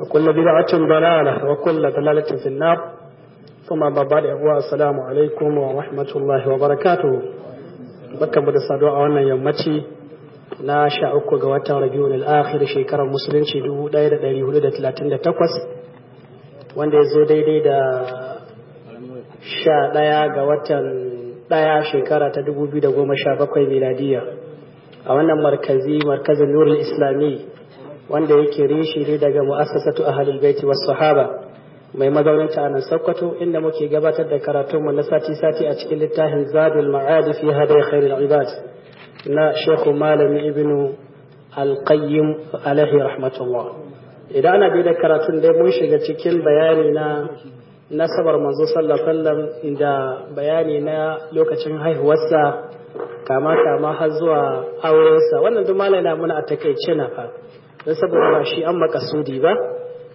وكل بدعة ضلالة وكل ضلالة في النار ثم بعد السلام عليكم ورحمة الله وبركاته barkan mu da saduwa a wannan yammaci na sha uku ga watan rabiul al da shekarar musulunci 1438 wanda ya zo daidai da sha ɗaya ga watan ɗaya shekara ta 2017 miladiya a wannan markazi markazin nurul islami wanda yake reshe ne daga mu'assasatu ahlul baiti was sahaba mai mazaunin ta nan Sokoto inda muke gabatar da karatun mu na sati sati a cikin littafin Zadul Ma'ad fi Hadi Khairul Ibad na Sheikh Malami Ibn Al-Qayyim alaihi rahmatullah idan ana bi da karatun dai mun shiga cikin bayani na nasabar manzo sallallahu da bayani na lokacin haihuwarsa kama kama har zuwa aurensa wannan duk malai na muna a takaice na fa don saboda ba shi an makasudi ba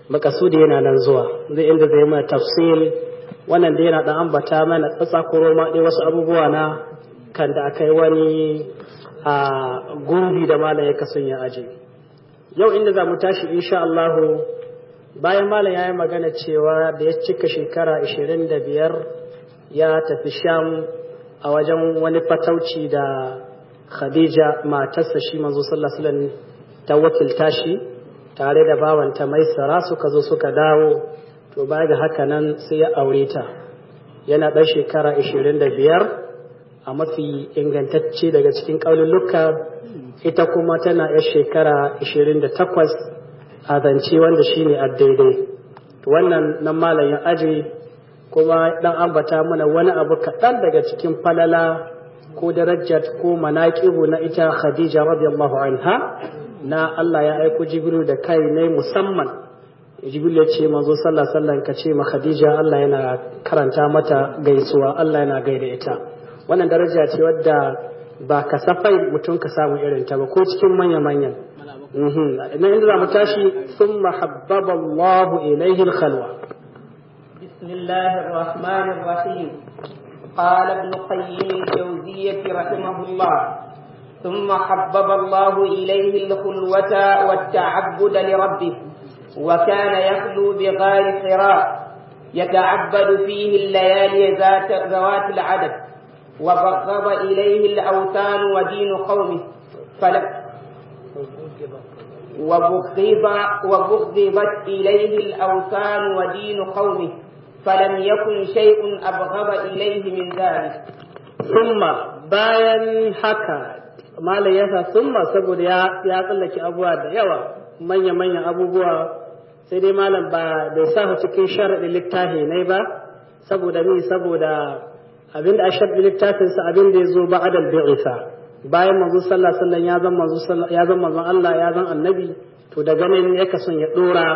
makasudi yana nan zuwa zai inda zai ma tafsir wannan da yana da ambata mana ko ma dai wasu abubuwa na kan da akai wani a gurbi da malam ya kasan ya aje yau inda za mu tashi insha Allah bayan malam ya yi magana cewa da ya cika shekara 25 ya tafi sham a wajen wani fatauci da khadija matarsa shi manzo sallallahu alaihi wasallam ta wakilta shi tare da bawanta maisara suka zo suka dawo to baya ga haka nan sai ya aure ta yana ɗan shekara 25 a mafi ingantacce daga cikin ƙaunuluka ita kuma tana ya shekara 28 a zance wanda shine addaidai To wannan nan malam ya aji kuma dan ambata mana wani abu kaɗan daga cikin falala ko darajat ko manaƙibu na ita khadija radiyallahu anha na Allah ya aiko Jibril da kai ne musamman Jibril ya ce manzo sallah sallan ka ce ma Khadija Allah yana karanta mata gaisuwa Allah yana gaida ita wannan daraja ce wadda ba kasafai mutum ka samu irin ta ba ko cikin manya manyan mhm. na inda za mu tashi sun habbaba Allah ilayhi khalwa bismillahir rahmanir rahim قال ابن قيم الجوزية رحمه ثم حبب الله إليه الخلوة والتعبد لربه وكان يخلو بغار حراء يتعبد فيه الليالي ذات ذوات العدد وبغض إليه الأوثان ودين قومه فلم وبغضب وبغضبت إليه الأوثان ودين قومه فلم يكن شيء أبغض إليه من ذلك ثم bayan حكى malam yasa ma saboda ya ya tsallake abubuwa da yawa manya manya abubuwa sai dai malam ba bai sa cikin sharaɗin littafi ne ba saboda ni saboda abinda a sharɗin littafin sa abinda ya zo ba adal isa, bayan manzo sallallahu alaihi ya zan manzo ya manzo Allah ya zan annabi to daga nan ya kasan ya dora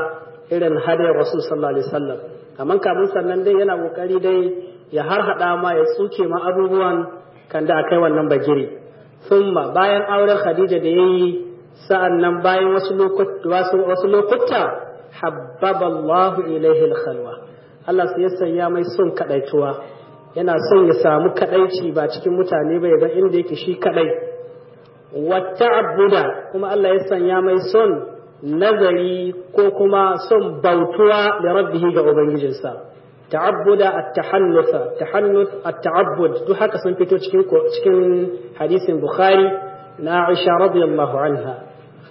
irin hadayar rasul sallallahu alaihi wasallam amma sannan dai yana kokari dai ya harhaɗa ma ya tsuke ma abubuwan kan da akai wannan bagiri thumma bayan auren khadija da yayi sa'an nan bayan wasu lokuta habbaballahu ilaihi alkhalwa Allah sai ya sanya mai son kaɗaituwa. yana son ya samu kaɗaici ba cikin mutane ba ya ga inda yake shi kaɗai. wata abuda kuma Allah ya sanya mai son nazari ko kuma son bautuwa da rabbihi ga ubangijinsa ta'abbuda a tahannutha tahannuth a taabbud duk haka sun fito cikin hadisin bukhari na aisha radiyallahu anha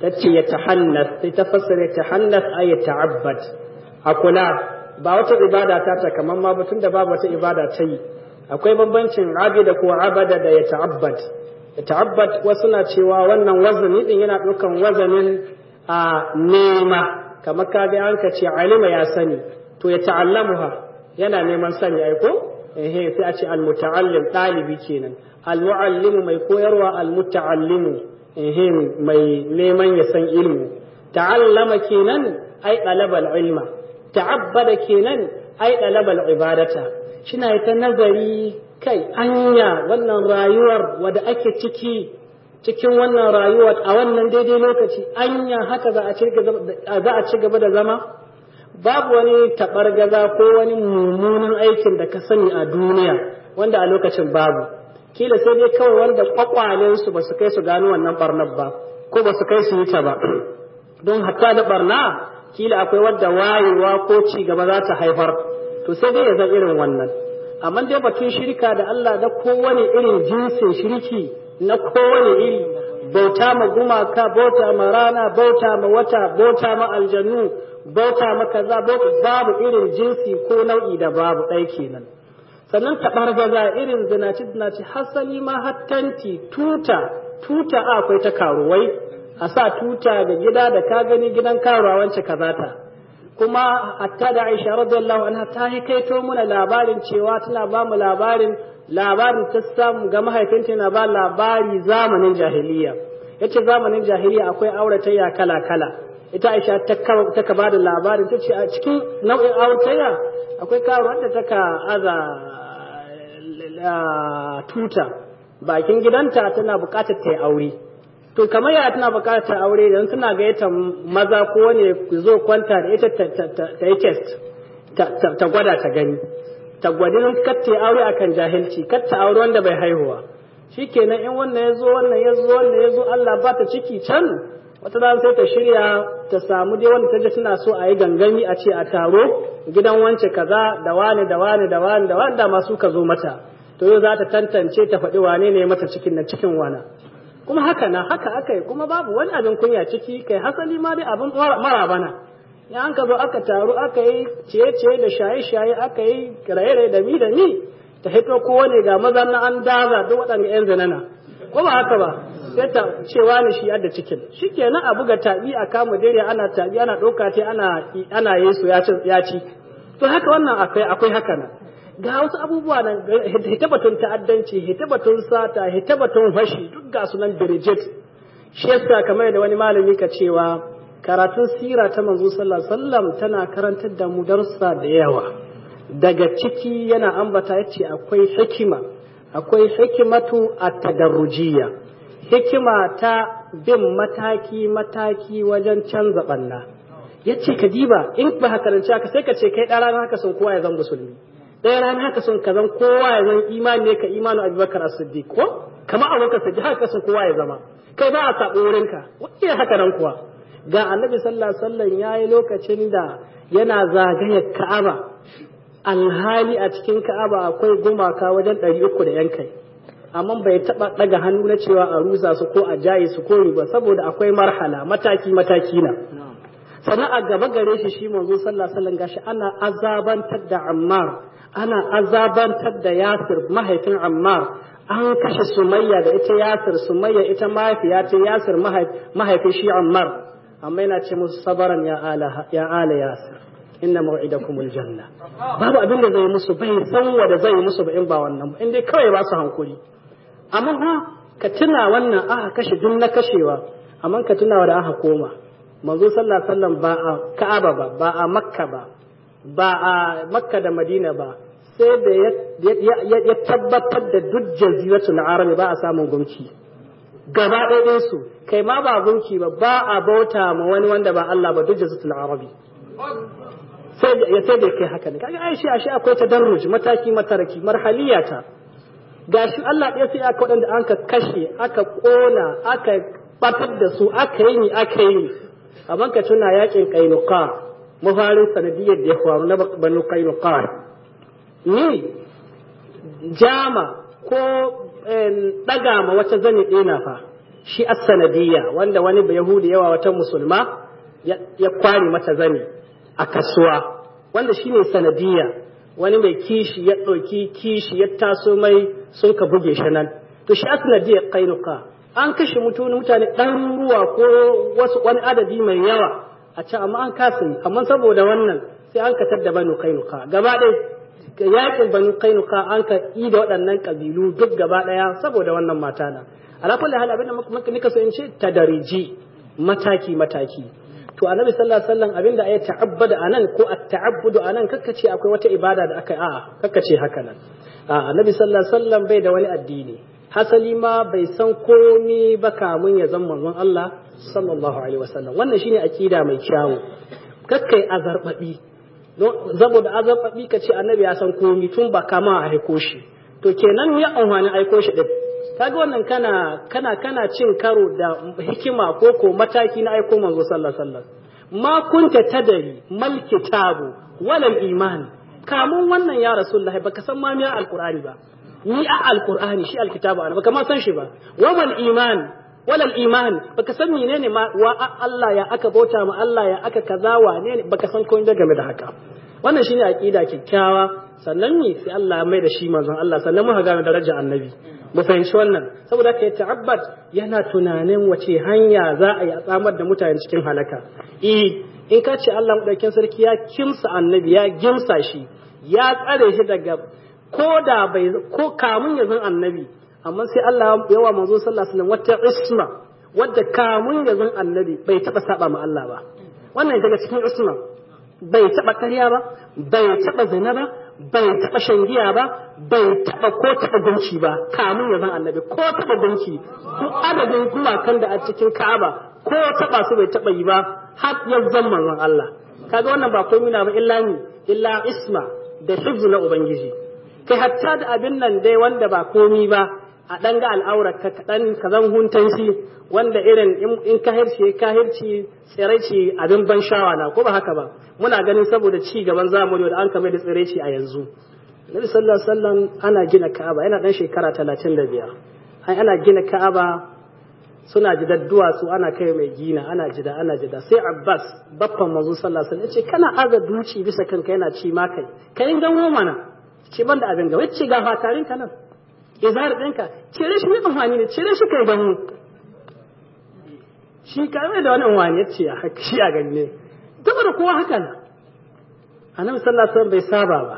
tace ya tahannath sai ta fassara tahannath ay ta'abbad akula ba wata ibada ta ta kaman ma batun da babu wata ibada tayi yi akwai bambancin da ko abada da ya ta'abbad ya ta'abbad wasu na cewa wannan wazani din yana ɗaukan wazanin a nema kamar kaga an ce alima ya sani to ya ta'allamuha yana neman sani ai ko eh sai a ce al muta'allim ɗalibi kenan al muallimu mai koyarwa al muta'allimu eh mai neman ya san ilmi ta'allama kenan ai ɗalabal ilma ta'abbada kenan ai ɗalabal ibadata shina ta nazari kai anya wannan rayuwar wadda ake ciki cikin wannan rayuwar a wannan daidai lokaci anya haka za a ci gaba da zama babu wani gaza ko wani mummunan aikin da ka sani a duniya wanda a lokacin babu kila sai dai kawai wanda kwakwalen su ba su kai su gano wannan barnar ba ko ba su kai su yi ba don hatta da barna kila akwai wadda wayewa ko ci gaba za ta haifar to sai dai ya zan irin wannan amma dai batun shirka da Allah na kowane irin jinsin shirki na kowane iri bauta ma gumaka bauta ma rana bauta ma wata bauta ma aljannu bauta maka za babu irin jinsi ko nau'i da babu ɗai kenan sannan taɓar gaza irin zinaci zinaci hasali ma hattanti tuta tuta akwai ta karuwai a sa tuta da gida da ka gani gidan karuwa wance ta. kuma hatta da Aisha radiyallahu anha ta hikaito muna labarin cewa tana ba mu labarin labarin ta samu ga mahaifinta na ba labari zamanin jahiliya yace zamanin jahiliya akwai auratayya kala kala ita aisha ta ka bada labarin ta ce a cikin nau'in auratayya akwai karo wanda ta ka aza tuta bakin gidanta tana buƙatar ta yi aure to kamar yaya tana bukatar ta aure idan tana gayyata maza ko wani zo kwanta da ita ta yi test ta gwada ta gani ta gwadi nan katta aure akan jahilci katta aure wanda bai haihuwa shikenan in wannan ya zo wannan ya zo wannan ya zo Allah ba ta ciki can wata rana sai ta shirya ta samu dai wanda ta ji suna so a yi gangami a ce a taro gidan wance kaza da wani da wani da wani da wani da masu ka zo mata to yau za ta tantance ta faɗi wane ne mata cikin na cikin wana kuma haka na haka aka yi kuma babu wani abin kunya ciki kai hasali ma dai abin mara bana ya an ka zo aka taru aka yi ciye-ciye da shaye-shaye aka yi raye-raye da mi da mi ta hito kowane ga mazan na an daza duk waɗanda 'yan zanana ko ba haka ba sai ta cewa ni shi yadda cikin shikenan a buga tabi a kama dare ana tabi ana ɗauka ce ana ana yesu ya ci ya ci to haka wannan akwai akwai haka nan ga wasu abubuwa nan hitabatun ta'addanci hitabatun sata hitabatun fashi duk ga su nan direjet shi yasa kamar da wani malami ka cewa karatun sira ta manzo sallallahu alaihi wasallam tana karantar da mu darsa da yawa daga ciki yana ambata yace akwai hikima akwai hikimatu at-tadarrujiyya hikima ta bin mataki mataki wajen canza banna yace ka diba in ba haka rance haka sai ka ce kai ɗan haka sun kowa ya zan musulmi ɗaya rana haka sun ka zan kowa ya zan imani ne ka imanu abubakar as-siddiq ko kamar abubakar siddiq haka sun kowa ya zama kai ba a sabo wurinka wani haka nan kuwa ga annabi sallallahu alaihi wasallam yayi lokacin da yana zagaya ka'aba alhali a cikin ka'aba akwai gumaka wajen ɗari uku da yankai amma bai taɓa ɗaga hannu na cewa a rusa su ko a jaye su ko ba saboda akwai marhala mataki mataki na sannan a gaba gare shi shi manzo sallallahu alaihi wasallam gashi ana azabantar da Ammar ana azabantar da Yasir mahaifin Ammar an kashe Sumayya da ita Yasir Sumayya ita mahaifiya ta Yasir mahaifin shi Ammar amma yana ce musu sabaran ya ala ya ala Yasir inna maw'idakum aljanna babu abin da zai musu bai san wanda zai musu ba in ba wannan ba in dai kawai ba su hankuri amma ha ka tuna wannan aka kashe duk na kashewa amma ka tuna wanda aka koma manzo sallallahu alaihi wasallam ba a Ka'aba ba ba a Makka ba ba a Makka da Madina ba sai da ya tabbatar da duk na arabi ba a samun gunki gaba ɗaya su kai ma ba gunki ba ba a bauta ma wani wanda ba Allah ba duk jaziratul arabi ya sai da kai haka ne kaga ai shi ashe akwai tadarruj mataki mataraki ta gashi Allah ɗaya sai aka waɗanda an ka kashe aka ƙona aka batar da su aka yi ni aka yi ni amma ka tuna yakin kainuka mafarin sanadiyar da ya faru na banu kainuka ni jama ko eh, ɗaga ma wata zane dina fa shi as sanadiyya wanda wani yahudi yawa wata musulma ya kware mata zani. a kasuwa wanda shine sanadiyya wani mai kishi ya ɗauki kishi ya taso mai sun ka buge shi nan to shi asnadiyya kainuka an kashe mutane mutane ɗaruruwa ko wasu wani adadi mai yawa a can amma an kasa amma saboda wannan sai an katar da banu kainuka gaba ɗaya yakin banu kainuka an ka yi da waɗannan ƙabilu duk gaba ɗaya saboda wannan mata na ala kulli hal abin da nika so in ce tadariji mataki mataki to annabi sallallahu alaihi wasallam abinda ayi ta'abbada anan ko at-ta'abbudu anan kakkace akwai wata ibada da aka a kakkace haka nan a annabi sallallahu alaihi wasallam bai da wani addini hasali ma bai san komi ba kamun ya zama manzon Allah sallallahu alaihi wasallam wannan shine akida mai kyawu kakkai azarbabi don saboda azarbabi kace annabi ya san komai tun ba kama a aiko shi to kenan ya amfani aiko shi din kaga wannan kana kana kana cin karo da hikima ko ko mataki na aiko manzo sallallahu alaihi wasallam ma kunta tadari mal kitabu walal iman kamun wannan ya rasulullahi baka san ma miya alqur'ani ba ni a alqur'ani shi alkitabu ana baka ma san shi ba wamal iman walal iman baka san menene ma wa Allah ya aka bauta ma Allah ya aka kaza wa ne baka san komai game da haka wannan shine aqida kikkiawa sannan ne sai Allah mai da shi manzon Allah sannan muka gane daraja annabi mu fahimci wannan saboda aka ya ta'abbad yana tunanin wace hanya za a yi a tsamar da mutane cikin halaka E, in ka ce Allah madaukin sarki ya kimsa annabi ya gimsa shi ya tsare shi daga ko da bai ko kamun ya annabi amma sai Allah yawa manzo sallallahu alaihi wasallam wata isma wadda kamun ya annabi bai taba saba ma Allah ba wannan daga cikin isma bai taɓa karya ba bai taɓa zina ba bai taɓa giya ba bai taɓa ko taɓa gunki ba kamun ya zan annabi ko taɓa gunki duk adadin gumakan da a cikin ka'aba ko taɓa su bai taɓa yi ba har ya zan manzon Allah kaga wannan ba komai na ba illa ni illa isma da hifzu na ubangiji kai hatta da abin nan dai wanda ba komi ba a ɗan ga al'aurar ka ka zan huntan shi wanda irin in kahirci kahirci tsiraici abin ban shawa na ko ba haka ba muna ganin saboda ci gaban zamani da an kamar da tsiraici a yanzu Nabi sallallahu alaihi wasallam ana gina Ka'aba yana ɗan shekara 35 ai ana gina Ka'aba suna jidar duwatsu ana kai mai gina ana jida ana jida sai Abbas baffan manzo sallallahu alaihi wasallam yace kana aga duci bisa kanka yana ci ma kai kai gan mana. na ban da abin ga wacce ga fatarin ka nan izhar ɗinka cire shi ne amfani ne cire shi kai da mu shi kawai da wannan wani ce haka shi a ganye duk da kowa haka na annabi sallallahu alaihi wasallam bai saba ba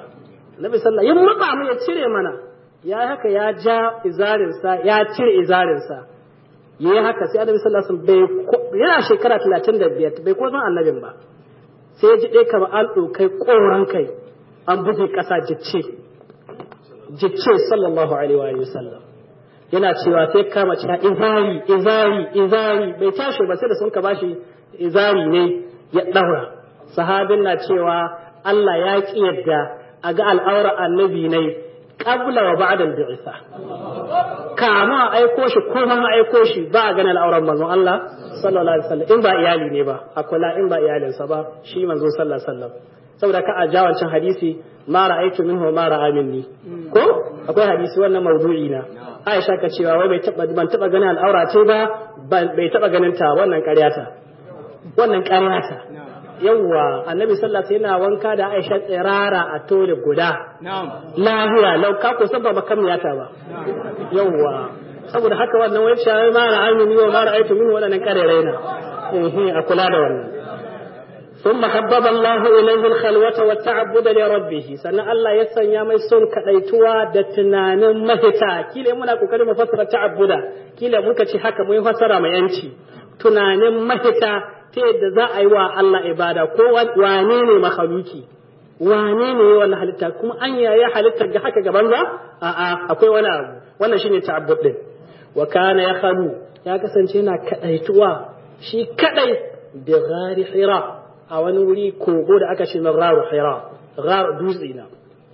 annabi sallallahu alaihi wasallam matsa mu ya cire mana ya haka ya ja izarin sa ya cire izarin sa yayi haka sai annabi sallallahu alaihi wasallam bai yana shekara 35 bai ko san annabin ba sai ya ji dai kamar an ɗaukai koran kai an buge kasa jicce jikin sallallahu alaihi wa sallam yana cewa sai kama cewa izari izari izari bai tashi ba sai da sun ka bashi izari ne ya daura sahabin na cewa Allah ya ki yadda a ga al'aura annabi ne qabla wa ba'da al-bi'sa kama aiko shi ko ma aiko shi ba a ganin al'auran manzo Allah sallallahu alaihi wasallam in ba iyali ne ba akwai in ba iyalinsa ba shi manzo sallallahu alaihi wasallam saboda ka a jawancin hadisi ma ra'aitu minhu ma ra'a minni mm. ko akwai hadisi wannan mawdu'i na Aisha ka cewa wai bai taba ban taba ganin al'aura ce ba bai taba ganin ta wannan ƙarya ta wannan ƙarya ta yawwa annabi sallallahu alaihi yana wanka da Aisha tsirara a tole guda lahiya lau ka ko san ba makamiyata ba yawwa saboda haka wannan wai cewa ma ra'aytu minhu ma ra'aytu minhu wannan ƙarya raina a kula da wannan ثم حبب الله إليه الخلوة والتعبد لربه سنة الله يسن يامي سن كأيتوا دتنان مهتا كيلي منا كوكري مفسر التعبد كيلي مكا شحكا مفسر ما ينشي تنان مهتا تيد ذا أيوا الله إبادة كو وانيني مخلوكي wane ne ya wannan halitta kuma an yaya halittar ga haka gaban za a'a akwai wani abu wannan shine ta'abbud din wa kana ya khanu ya kasance yana kadaituwa shi kadai bi ghari hira a wani wuri kogo da aka ce na raru hira raru dutse na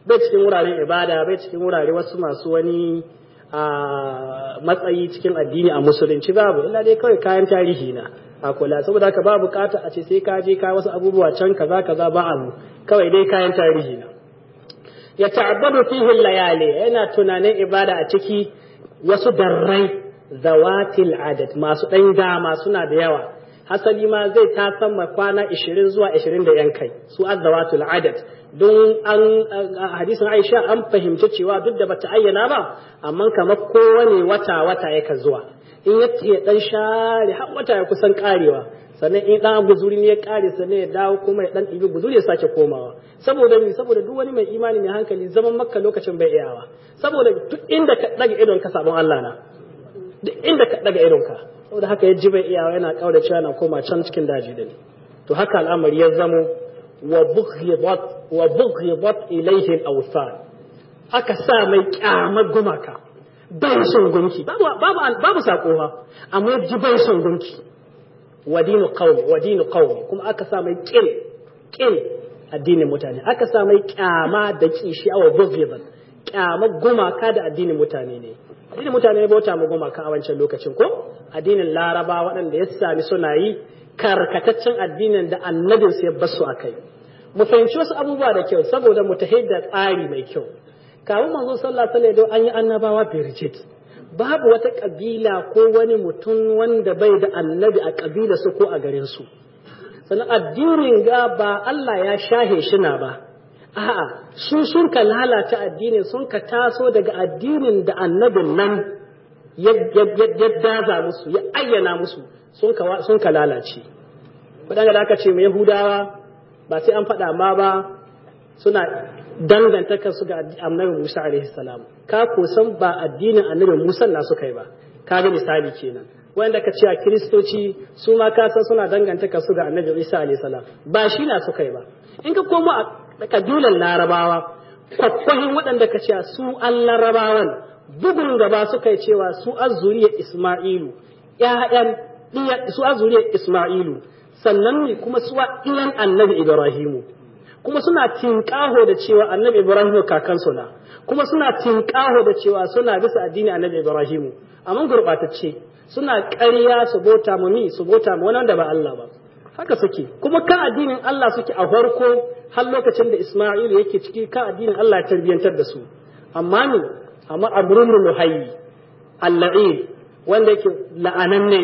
bai cikin wuraren ibada bai cikin wurare wasu masu wani a matsayi cikin addini a musulunci babu illa dai kawai kayan tarihi na a kula saboda haka ba kata a ce sai ka je ka wasu abubuwa can kaza kaza ba abu kawai dai kayan tarihi na ya ta'abbadu fihi layali yana tunanin ibada a ciki wasu darrai zawatil adad masu ɗan dama suna da yawa hasali ma zai ta ma kwana 20 zuwa 20 da yan kai su azzawatul adad don an hadisin Aisha an fahimci cewa duk da bata ayyana ba amma kamar kowane wata wata yaka zuwa in ya dan share har wata ya kusan karewa sannan in dan guzuri ne ya kare sannan ya dawo kuma ya dan ibi guzuri ya sake komawa saboda ni saboda duk wani mai imani mai hankali zaman makka lokacin bai iyawa saboda duk inda ka dage idon ka sabon Allah na duk inda ka daga idonka saboda haka ya jibe iyawa yana kaura cewa yana koma can cikin daji din to haka al'amari ya zamo wa bughyidat wa bughyidat ilayhi al awsan aka sa mai kyama gumaka bai son gunki babu babu babu sako ba amma ya ji bai son gunki wa dinu qawmi wa dinu qawmi kuma aka sa mai kin kin addinin mutane aka sa mai kyama da kishi wa bughyidat kyama gumaka da addinin mutane ne da mutane bauta mu goma kan a wancan lokacin ko addinin laraba waɗanda ya sami suna yi karkataccen addinin da annabin su ya basu a kai mu fahimci wasu abubuwa da kyau saboda mu ta da tsari mai kyau kawun manzo sallallahu alaihi wasallam an yi annabawa birjit babu wata kabila ko wani mutum wanda bai da annabi a kabila su ko a garin su sannan addinin ga ba Allah ya shahe shi na ba a'a sun ka lalata addinin sun ka taso daga addinin da annabin nan ya daza musu ya ayyana musu sun ka lalace waɗanda da aka ce mai yahudawa ba sai an faɗa ma ba suna danganta kansu ga annabin musa alaihi salam ka ko ba addinin annabin musa na su kai ba ka ga misali kenan wanda ka ce a kiristoci su ma ka san suna danganta kansu ga annabin isa alaihi salam ba shi na su kai ba in ka komo a da kabilan larabawa kwakwahin waɗanda ka cewa su an larabawan bugun gaba suka yi cewa su azuriyar isma'ilu ‘ya'yan su azuriyar isma'ilu sannan ne kuma suwa ilan annabi ibrahimu kuma suna tinƙaho da cewa annabi ibrahimu kakan su na kuma suna tinƙaho da cewa suna bisa addini annabi ibrahimu amma gurɓatacce suna ƙarya su bota mu ni su bota mu wani da ba Allah ba haka suke kuma kan addinin Allah suke a farko har lokacin da Isma'il yake ciki ka addinin Allah ya tarbiyantar da su amma mu amma amrunu muhayyi al wanda yake la'anan ne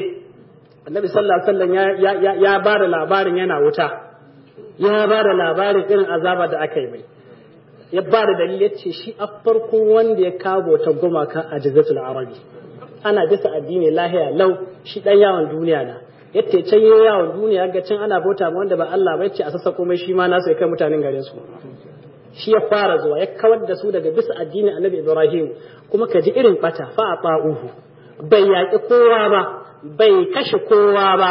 annabi sallallahu alaihi wasallam ya ya ba da labarin yana wuta ya ba da labarin irin azaba da aka yi mai ya ba da dalili yace shi a farko wanda ya kawo ta gumaka a jazatul arabi ana bisa addini lahiya lau shi dan yawon duniya na yace can yi yawon duniya ga can ana bauta ma wanda ba Allah ba ce a sassa komai shi ma nasu ya kai mutanen garin su shi ya fara zuwa ya kawar da su daga bisa addinin Annabi Ibrahim kuma ka ji irin bata fa a ata'uhu bai yaƙi kowa ba bai kashe kowa ba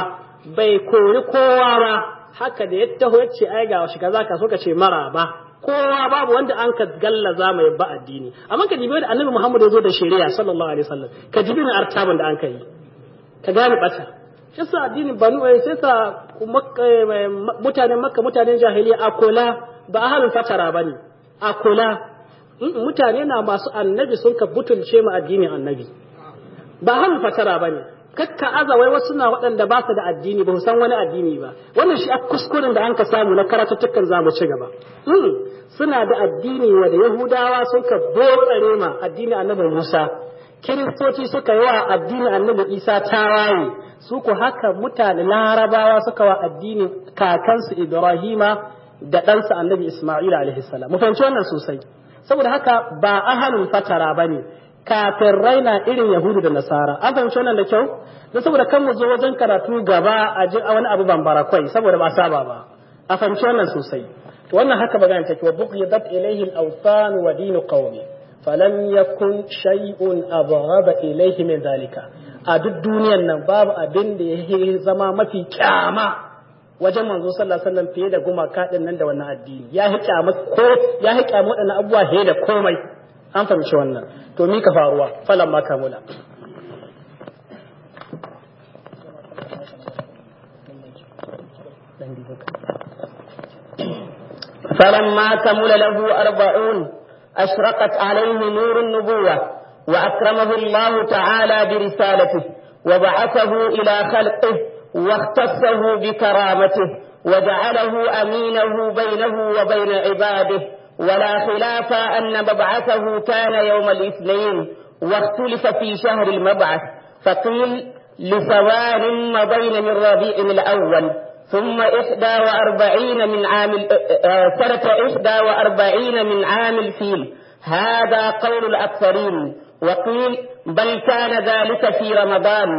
bai kori kowa ba haka da yadda ya ce ai ga shi kaza ka so ka ce mara ba kowa babu wanda an ka gallaza mai ba addini amma ka jibi da annabi Muhammad ya zo da shari'a sallallahu alaihi wasallam ka jibi na artaban da an ka yi ka gane bata shi sa addinin banu sai sa eh, mutanen makka mutanen jahiliya a kula ba ahalin fatara ba ne a mm, mutane na masu annabi sun ka butulce ma addinin annabi ba ahalin fatara ba ne kakka aza wai wasu na waɗanda ba su da addini ba san wani addini ba wannan shi a kuskuren da an ka samu na karatuttukan za mu ci gaba mm, suna da addini wa da yahudawa sun ka botsare ma addini annabi musa kiristoci suka yi wa addinin annabi isa tawaye su ku haka mutane larabawa suka wa addinin kakansu ibrahima da ɗansa annabi isma'ila alaihi salam mu fahimci wannan sosai saboda haka ba ahalin fatara ba ne. kafin na irin yahudu da nasara an fahimci wannan da kyau don saboda kan mu zo wajen karatu gaba a ji wani abu bambara kwai saboda ba saba ba a fahimci wannan sosai wannan haka ba magana take wa buqidat ilaihi al-awthan wa dinu qawmi فلم يكن شيء أبغض إليه من ذلك a duk duniyan nan babu abin da ya zama mafi kyama wajen manzo sallallahu alaihi wasallam fiye da gumaka din nan da wannan addini ya hi kyama ko ya hi kyama wadannan abubuwa fiye da komai an fahimci wannan to mi ka faruwa falan ma mula falan ma mula lahu arba'un أشرقت عليه نور النبوة وأكرمه الله تعالى برسالته وبعثه إلى خلقه واختصه بكرامته وجعله أمينه بينه وبين عباده ولا خلاف أن مبعثه كان يوم الاثنين واختلف في شهر المبعث فقيل لثوان ما بين من ربيع الأول ثم إحدى وأربعين من عام آه، آه، سنة إحدى وأربعين من عام الفيل هذا قول الأكثرين وقيل بل كان ذلك في رمضان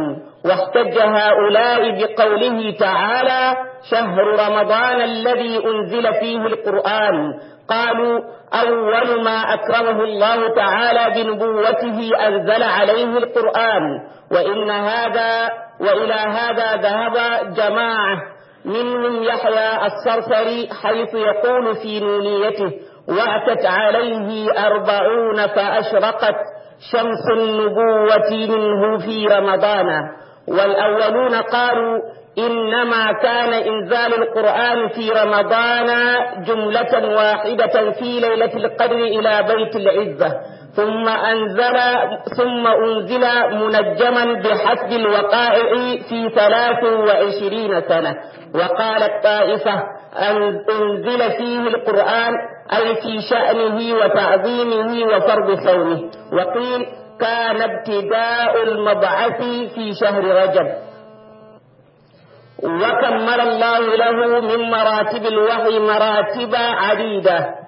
واحتج هؤلاء بقوله تعالى شهر رمضان الذي أنزل فيه القرآن قالوا أول ما أكرمه الله تعالى بنبوته أنزل عليه القرآن وإن هذا وإلى هذا ذهب جماعة منهم يحيى الصرصري حيث يقول في نونيته وأتت عليه أربعون فأشرقت شمس النبوة منه في رمضان والأولون قالوا إنما كان إنزال القرآن في رمضان جملة واحدة في ليلة القدر إلى بيت العزة ثم أنزل ثم أنزل منجما بحسب الوقائع في ثلاث وعشرين سنة وقالت طائفة أن أنزل فيه القرآن أي في شأنه وتعظيمه وفرض صومه وقيل كان ابتداء المبعث في شهر رجب وكمل الله له من مراتب الوحي مراتب عديدة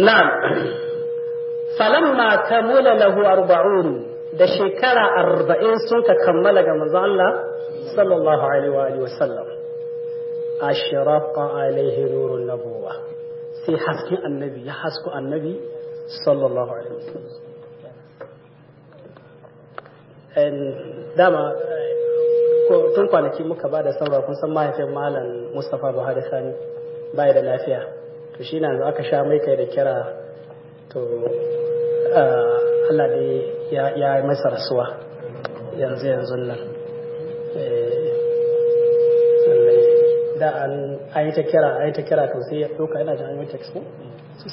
نعم فلما كمل له أربعون da shekara arba'in sun ka kammala ga manzo Allah sallallahu alaihi wa sallam ashraqa alaihi nurun nabuwa sai haske annabi ya hasko annabi sallallahu alaihi wa sallam dama tun kwanaki muka ba da saura kun san mahaifin malam Mustapha Buhari Sani bai da lafiya to shi na aka sha mai kai da kira to uh, Allah da ya yi masa rasuwa yanzu yanzu nan eh, da an yi ta kira ayi ta kira to sai ya ɗauka yana jin yi yi text ko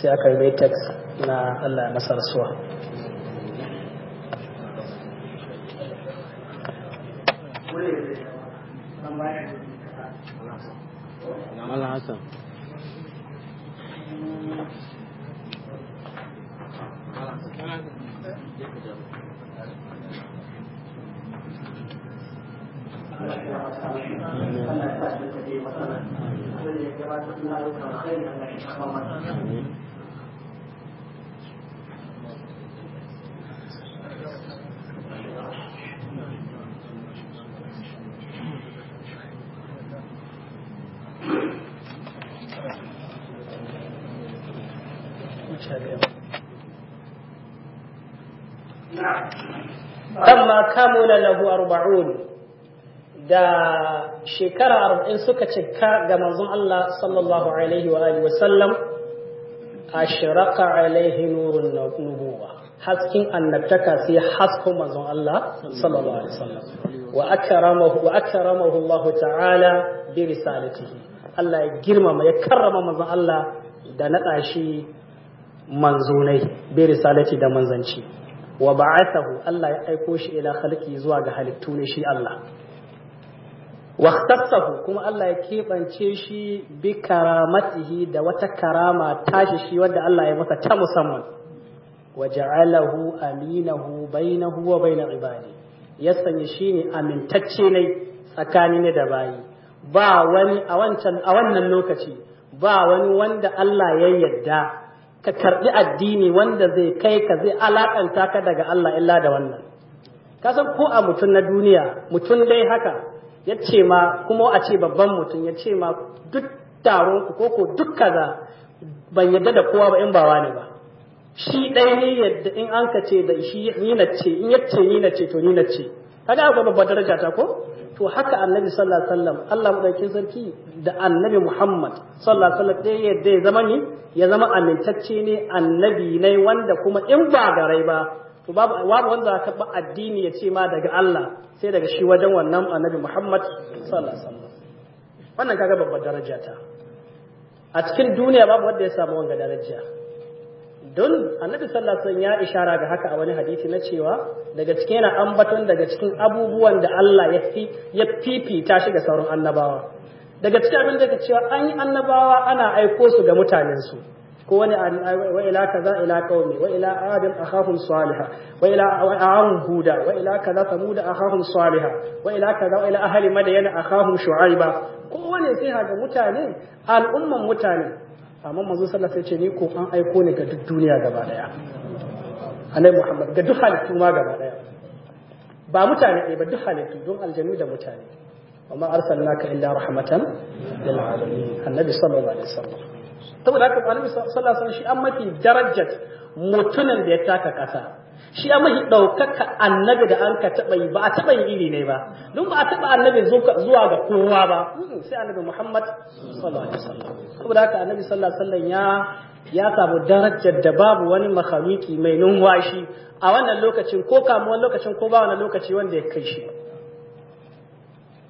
sai aka yi mai text na Allah ya masa rasuwa Hassan لما كمل له أربعون da shekara arba'in suka cika ga manzon Allah sallallahu alaihi wa alihi wasallam ashraka alaihi nurun nubuwa haskin annabtaka sai hasko manzon Allah sallallahu alaihi wasallam wa akramahu wa akramahu Allah ta'ala bi risalatihi Allah ya girmama ya karrama manzon Allah da nada shi manzonai bi risalati da manzanci wa ba'athahu Allah ya aiko shi ila khalqi zuwa ga halittu ne shi Allah واختصه كما الله يكيبانشي شي بكرامته da wata karama tashi shi wanda Allah ya masa ta musamman waja'alahu aminahu bainahu wa bain ibadi ya sanya shi ne amintacce ne tsakani ne da bayi ba wani a wancan wannan lokaci ba wani wanda Allah ya yarda ka karɓi addini wanda zai kai ka zai alakanta ka daga Allah illa da wannan kasan ko a mutum na duniya mutum dai haka ya ce ma kuma a ce babban mutum ya ce ma duk taron ku koko duk kaza ban yadda da kowa ba in ba wani ba shi ɗaya ne yadda in an ka ce da shi ni ce in ya ce ni na ce to ni na ce kaga akwai babbar daraja ta ko to haka annabi sallallahu alaihi wasallam Allah madaukin sarki da annabi Muhammad sallallahu alaihi ya zama ni ya zama amintacce ne annabi ne wanda kuma in ba garai ba to babu babu wanda ka ba addini ya ce ma daga Allah sai daga shi wajen wannan annabi Muhammad sallallahu alaihi wasallam wannan kaga babbar daraja ta a cikin duniya babu wanda ya samu wanga daraja don annabi sallallahu alaihi wasallam ya ishara ga haka a wani hadisi na cewa daga cikin yana ambaton daga cikin abubuwan da Allah ya fi ya fifita shi ga sauran annabawa daga cikin abin da ka cewa an yi annabawa ana aiko su ga mutanen su ko wani wa ila kaza ila qaumi wa ila adam akhahum salihah wa ila aam huda wa ila kaza samuda akhahum salihah wa ila kaza wa ila ahli madyan akhahum shu'aiba ko wani sai ga mutane al'umman mutane amma manzo sallallahu alaihi wasallam ce ni ko an aiko ni ga duk duniya gaba daya alai muhammad ga duk halittu ma gaba daya ba mutane ɗaya ba duk halittu don aljanu da mutane amma arsalnaka illa rahmatan lil alamin annabi sallallahu alaihi wasallam saboda haka annabi sallallahu alaihi wasallam shi an mafi darajar mutumin da ya taka kasa shi an mafi daukaka annabi da an ka taɓa yi ba a taɓa yi iri ne ba don ba a taɓa annabi zuwa ga kowa ba sai annabi muhammad sallallahu alaihi wasallam saboda haka annabi sallallahu alaihi wasallam ya ya samu darajar da babu wani makhaliki mai numwashi a wannan lokacin ko kamuwan lokacin ko ba wannan lokaci wanda ya kai shi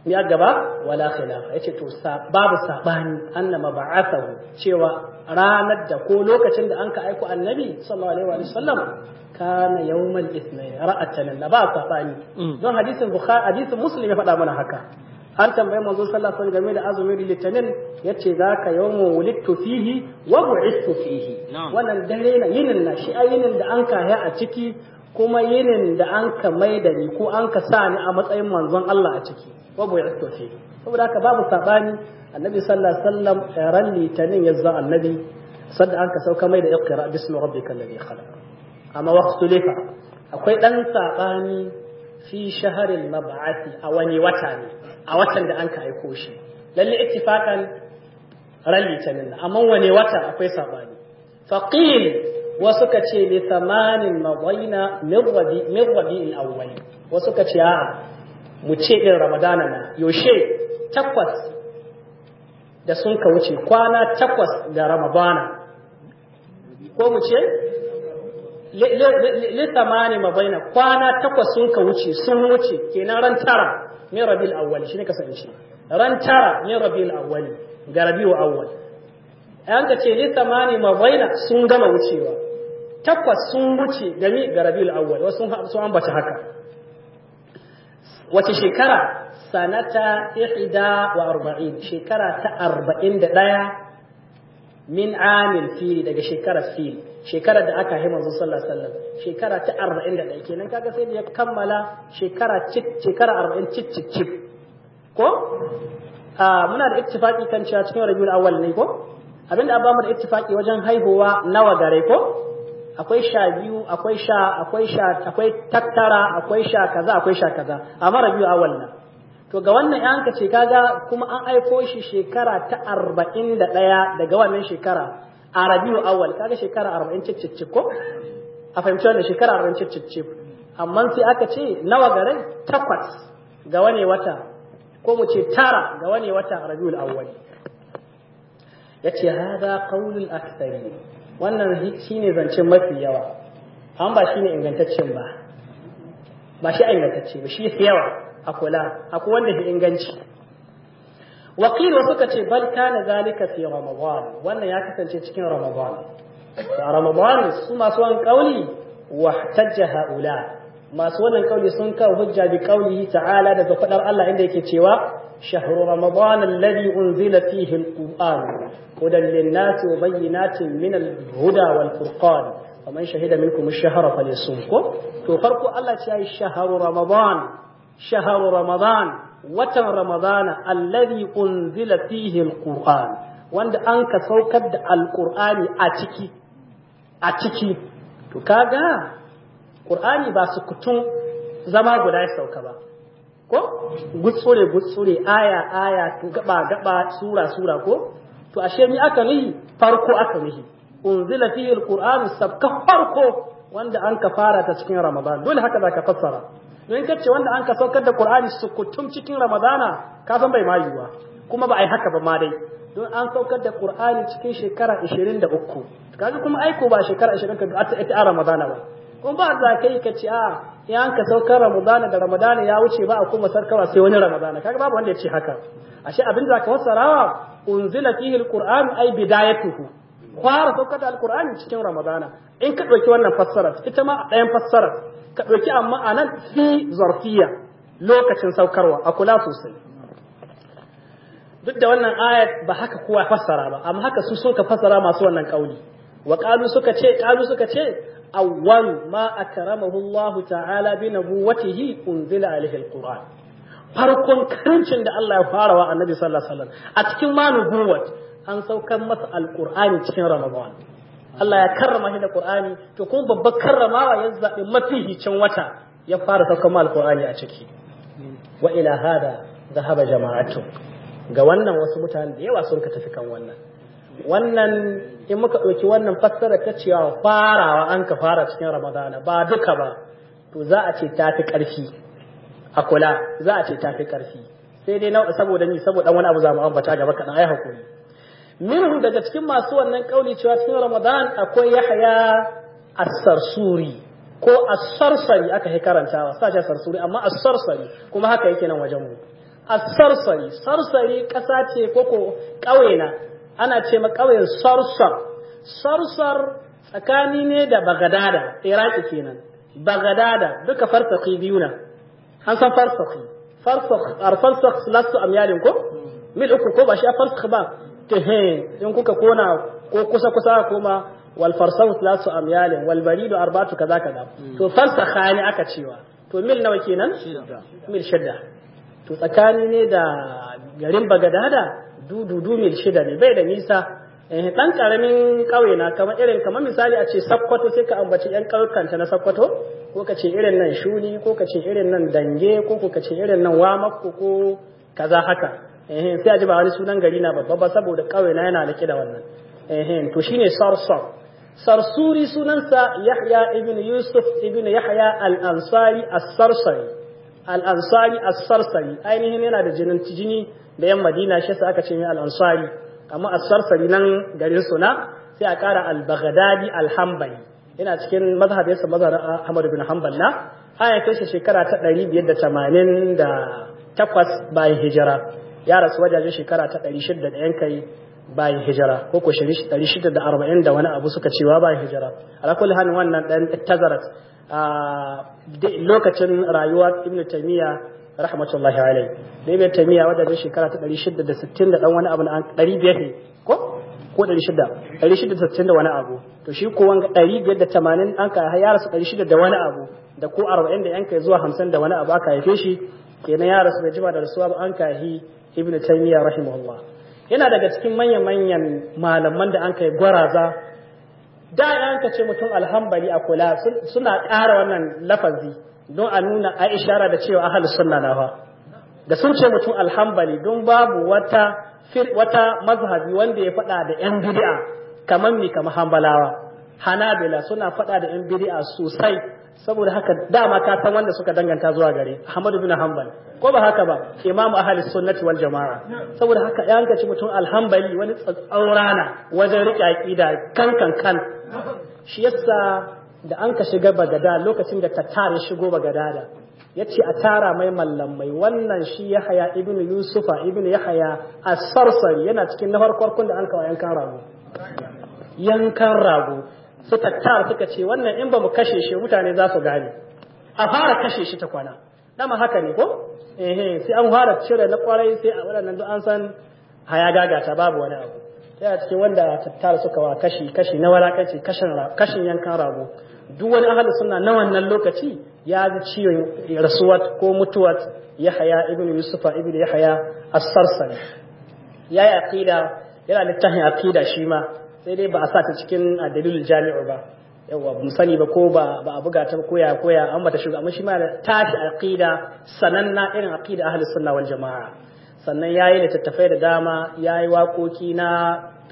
ya gaba wala khilafa yace to babu sabani annama ba'athahu cewa ranar da ko lokacin da an ka aiko annabi sallallahu alaihi wa kana yawmal ithnain ra'atan la ba sabani mm. don hadisin bukhari hadisin muslim ya faɗa mana haka an tambayi manzo sallallahu alaihi game da azumin litinin yace zaka yawmu wulidtu fihi wa bu'ithtu fihi wannan dare na yinin na shi ayinin da an kaya a ciki kuma yinin da an ka mai da ni ko an ka sa ni a matsayin manzon Allah a ciki babu ya tofi saboda haka babu sabani annabi sallallahu alaihi wasallam eh, ran litinin yazza annabi sadda an ka sauka mai da iqra bismi rabbika alladhi khalaq amma waqtulifa akwai dan sabani fi shahril mab'ati a wani wata ne a watan da an ka aiko shi lalle ittifaqan ran litinin amma wani wata akwai sabani faqil wasu ka ce li samanin magwaina min in awwal wasu ka ce a'a mu ce din ramadana na yaushe takwas da sun ka wuce kwana takwas da ramadana ko mu ce li samanin magwaina kwana takwas sun ka wuce sun wuce kenan ran tara min ne ka shine shi ran tara min rabi'il awwal ga rabi'u awwal an ka ce lita mani mabaina sun gama wucewa takwas sun wuce gami ga rabiul awwal wasu sun ambata haka wace shekara sanata ihda wa arba'in shekara ta arba'in da ɗaya min amil fili daga shekara fili shekara da aka yi manzo sallallahu alaihi wasallam shekara ta arba'in da ɗaya kenan kaga sai da ya kammala shekara shekara arba'in cik cik cik ko muna da ittifaki kan cewa cikin rabiul awwal ne ko abinda abamu da ittifaki wajen haihuwa nawa gare ko akwai sha biyu akwai sha akwai sha akwai tattara akwai sha kaza akwai sha kaza amma rabiu awal na to ga wannan yan ka ce kaga kuma an aiko shi shekara ta arba'in da ɗaya daga wannan shekara a rabiu awal kaga shekara arba'in cicicip ko a fahimci wannan shekara arba'in cicicip amma sai aka ce nawa gare takwas ga wani wata ko mu ce tara ga wani wata rabiul awwal yace hada qaulul aktharin wannan ne zance mafi yawa an ba ne ingantaccen ba ba shi ingantacce ba shi fi yawa a kula akwai wanda fi inganci wakil wasu ka ce bal na zalika fi ramadan wannan ya kasance cikin ramadan a ramadan su masu wani kauli wa tajja haula masu wannan kauli sun kawo hujja bi ta'ala daga fadar Allah inda yake cewa shahru ramadan alladhi unzila fihi alquran هدى للناس وبينات من الهدى والفرقان ومن شهد منكم الشهر فليصومكم تقرق الله تعالى شهر رمضان شهر رمضان watan ramadana allazi unzila fihi alquran wanda an ka saukar da alqurani a ciki a ciki to kaga ƙur'ani ba su kutun zama guda ya sauka ba ko gutsure gutsure aya aya to gaba gaba sura sura ko to ashe mi aka nihi farko aka nihi unzila fihi alquran sabka farko wanda an ka fara ta cikin ramadan dole haka zaka fassara don kace wanda an ka saukar da qur'ani sukutum cikin ramadana ka san bai mayuwa kuma ba ai haka ba ma dai don an saukar da qur'ani cikin shekara 23 kaga kuma aiko ba shekara 20 ka ta ta ramadana ba kuma ba za ka yi ka ce a ya an ka saukar ramadana da ramadana ya wuce ba a kuma sarkawa sai wani ramadana kaga babu wanda ya ce haka ashe abin da ka fassarawa unzila fihi alquran ay bidayatuhu fara saukar da alqur'ani cikin ramadana in ka dauki wannan fassara ita ma ɗayan fassara ka dauki amma anan fi zarfiya lokacin saukarwa a kula sosai duk da wannan ayat ba haka kowa fassara ba amma haka su suka ka fassara masu wannan kauli wa qalu suka ce qalu suka ce awwal ma akramahu Allah ta'ala bi nabuwatihi unzila alaihi alquran farkon karancin da Allah ya fara wa annabi sallallahu alaihi wasallam a cikin manu buwat an saukar masa alqur'ani cikin ramadan Allah ya karrama shi da qur'ani to kuma babbar karramawa ya zabi mafihicin wata ya fara saukar ma alqur'ani a ciki wa ila hada zahaba jama'atu ga wannan wasu mutane da yawa sun ka tafi kan wannan wannan in muka ɗauki wannan fassara ta cewa farawa an ka fara cikin ramadana ba duka ba to za a ce ta fi ƙarfi a kula za a ce ta fi ƙarfi sai dai saboda ni saboda wani abu za mu ambata gaba kaɗan ai hakuri minhum daga cikin masu wannan kauli cewa cikin ramadan akwai yahya as-sarsuri ko as-sarsari aka yi karantawa sace sarsuri amma as-sarsari kuma haka yake nan wajen mu as-sarsari sarsari kasa ce koko kauye na ana ce ma kauyen sarsar sarsar tsakani ne da bagadada iraki kenan bagadada duka farsaki biyu na an san farsakh farsakh arfarsakh lasu amyalin ko mil uku ko ba shi farsakh ba ta he in kuka kona ko kusa kusa kuma wal farsahu lasu amyalin wal baridu arbatu kaza kaza to farsakha ne aka cewa to mil nawa kenan mil shida to tsakani ne da garin bagadada du mil shida ne bai da nisa eh dan karamin kauye na kamar irin kamar misali a ce sakkwato sai ka ambaci yan kaukanta na sakkwato ko ka ce irin nan shuni ko ka ce irin nan dange ko ka ce irin nan wamakko ko kaza haka eh sai a ji ba wani sunan gari na babba ba saboda kawai na yana da da wannan eh to shine sarsar sarsuri sunansa Yahya ibn Yusuf ibn Yahya al-Ansari as-Sarsari al-Ansari as-Sarsari ainihin yana da jinin jini da yan Madina shi aka ce mai al-Ansari amma as-Sarsari nan garin suna sai a kara al-Baghdadi al-Hanbali yana cikin mazhabinsa mazharin Ahmad bin Hanbal na an kai shi shekara ta 588 bayan hijira ya rasu wajajen shekara ta 600 da kai bayan hijira ko ko 640 da wani abu suka cewa bayan hijira ala kulli halin wannan dan tazarat lokacin rayuwa Ibn Taymiyyah rahmatullahi alai ibn tamiya wajajen shekara ta 660 da dan wani abu na 500 ko ko ɗari 660 da wani abu to shi ko wanga 580 an ka ya rasu 600 da wani abu da ko 40 da yanka zuwa 50 da wani abu aka haife shi kenan ya rasu da jima da rasuwa ba an yi ibn taymiya rahimahullah yana daga cikin manyan manyan malaman da an kai gwaraza da an ka ce mutum alhambali a kula suna ƙara wannan lafazi don a nuna a ishara da cewa ahlus sunna na fa da sun ce mutum alhambali don babu wata wata mazhabi wanda ya faɗa da ‘yan bid'a kamar mi kamar hambalawa hanabila suna faɗa da ‘yan bid'a sosai saboda haka dama ka san wanda suka danganta zuwa gare Ahmad bin Hanbal ko ba haka ba Imam Ahli Sunnati wal Jama'a saboda haka ya hankaci mutum alhambali wani tsaurana wajen riƙe aqida kan kan kan shi yasa da an ka shiga Bagada lokacin da Tatar ya shigo Bagada ya ce a tara mai mallam mai wannan shi ya haya ibn yusufa ibn ya haya a sarsari yana cikin na farkon da an kawo yankan rago yankan rago suka tara suka ce wannan in ba mu kashe shi mutane za su gane a fara kashe shi ta kwana dama haka ne ko eh sai an fara cire na kwarai sai a waɗannan duk an san haya gagata babu wani abu sai a cikin wanda tattara suka wa kashi kashi na walakanci kashin kashin yankan rago duk wani ahalu suna na wannan lokaci ya ji ciwon rasuwat ko mutuwat haya ibn Yusufa ibn Yahaya haya sarsani ya yi aqida yana littafin aqida shi ma sai dai ba a sa ta cikin dalilul jami'u ba yawa mun sani ba ko ba a buga ta koya koya an bata shiga amma shi ma da tashi aqida sananna irin aqida ahli sunna wal jama'a sannan yayi littattafai da dama yayi waƙoƙi na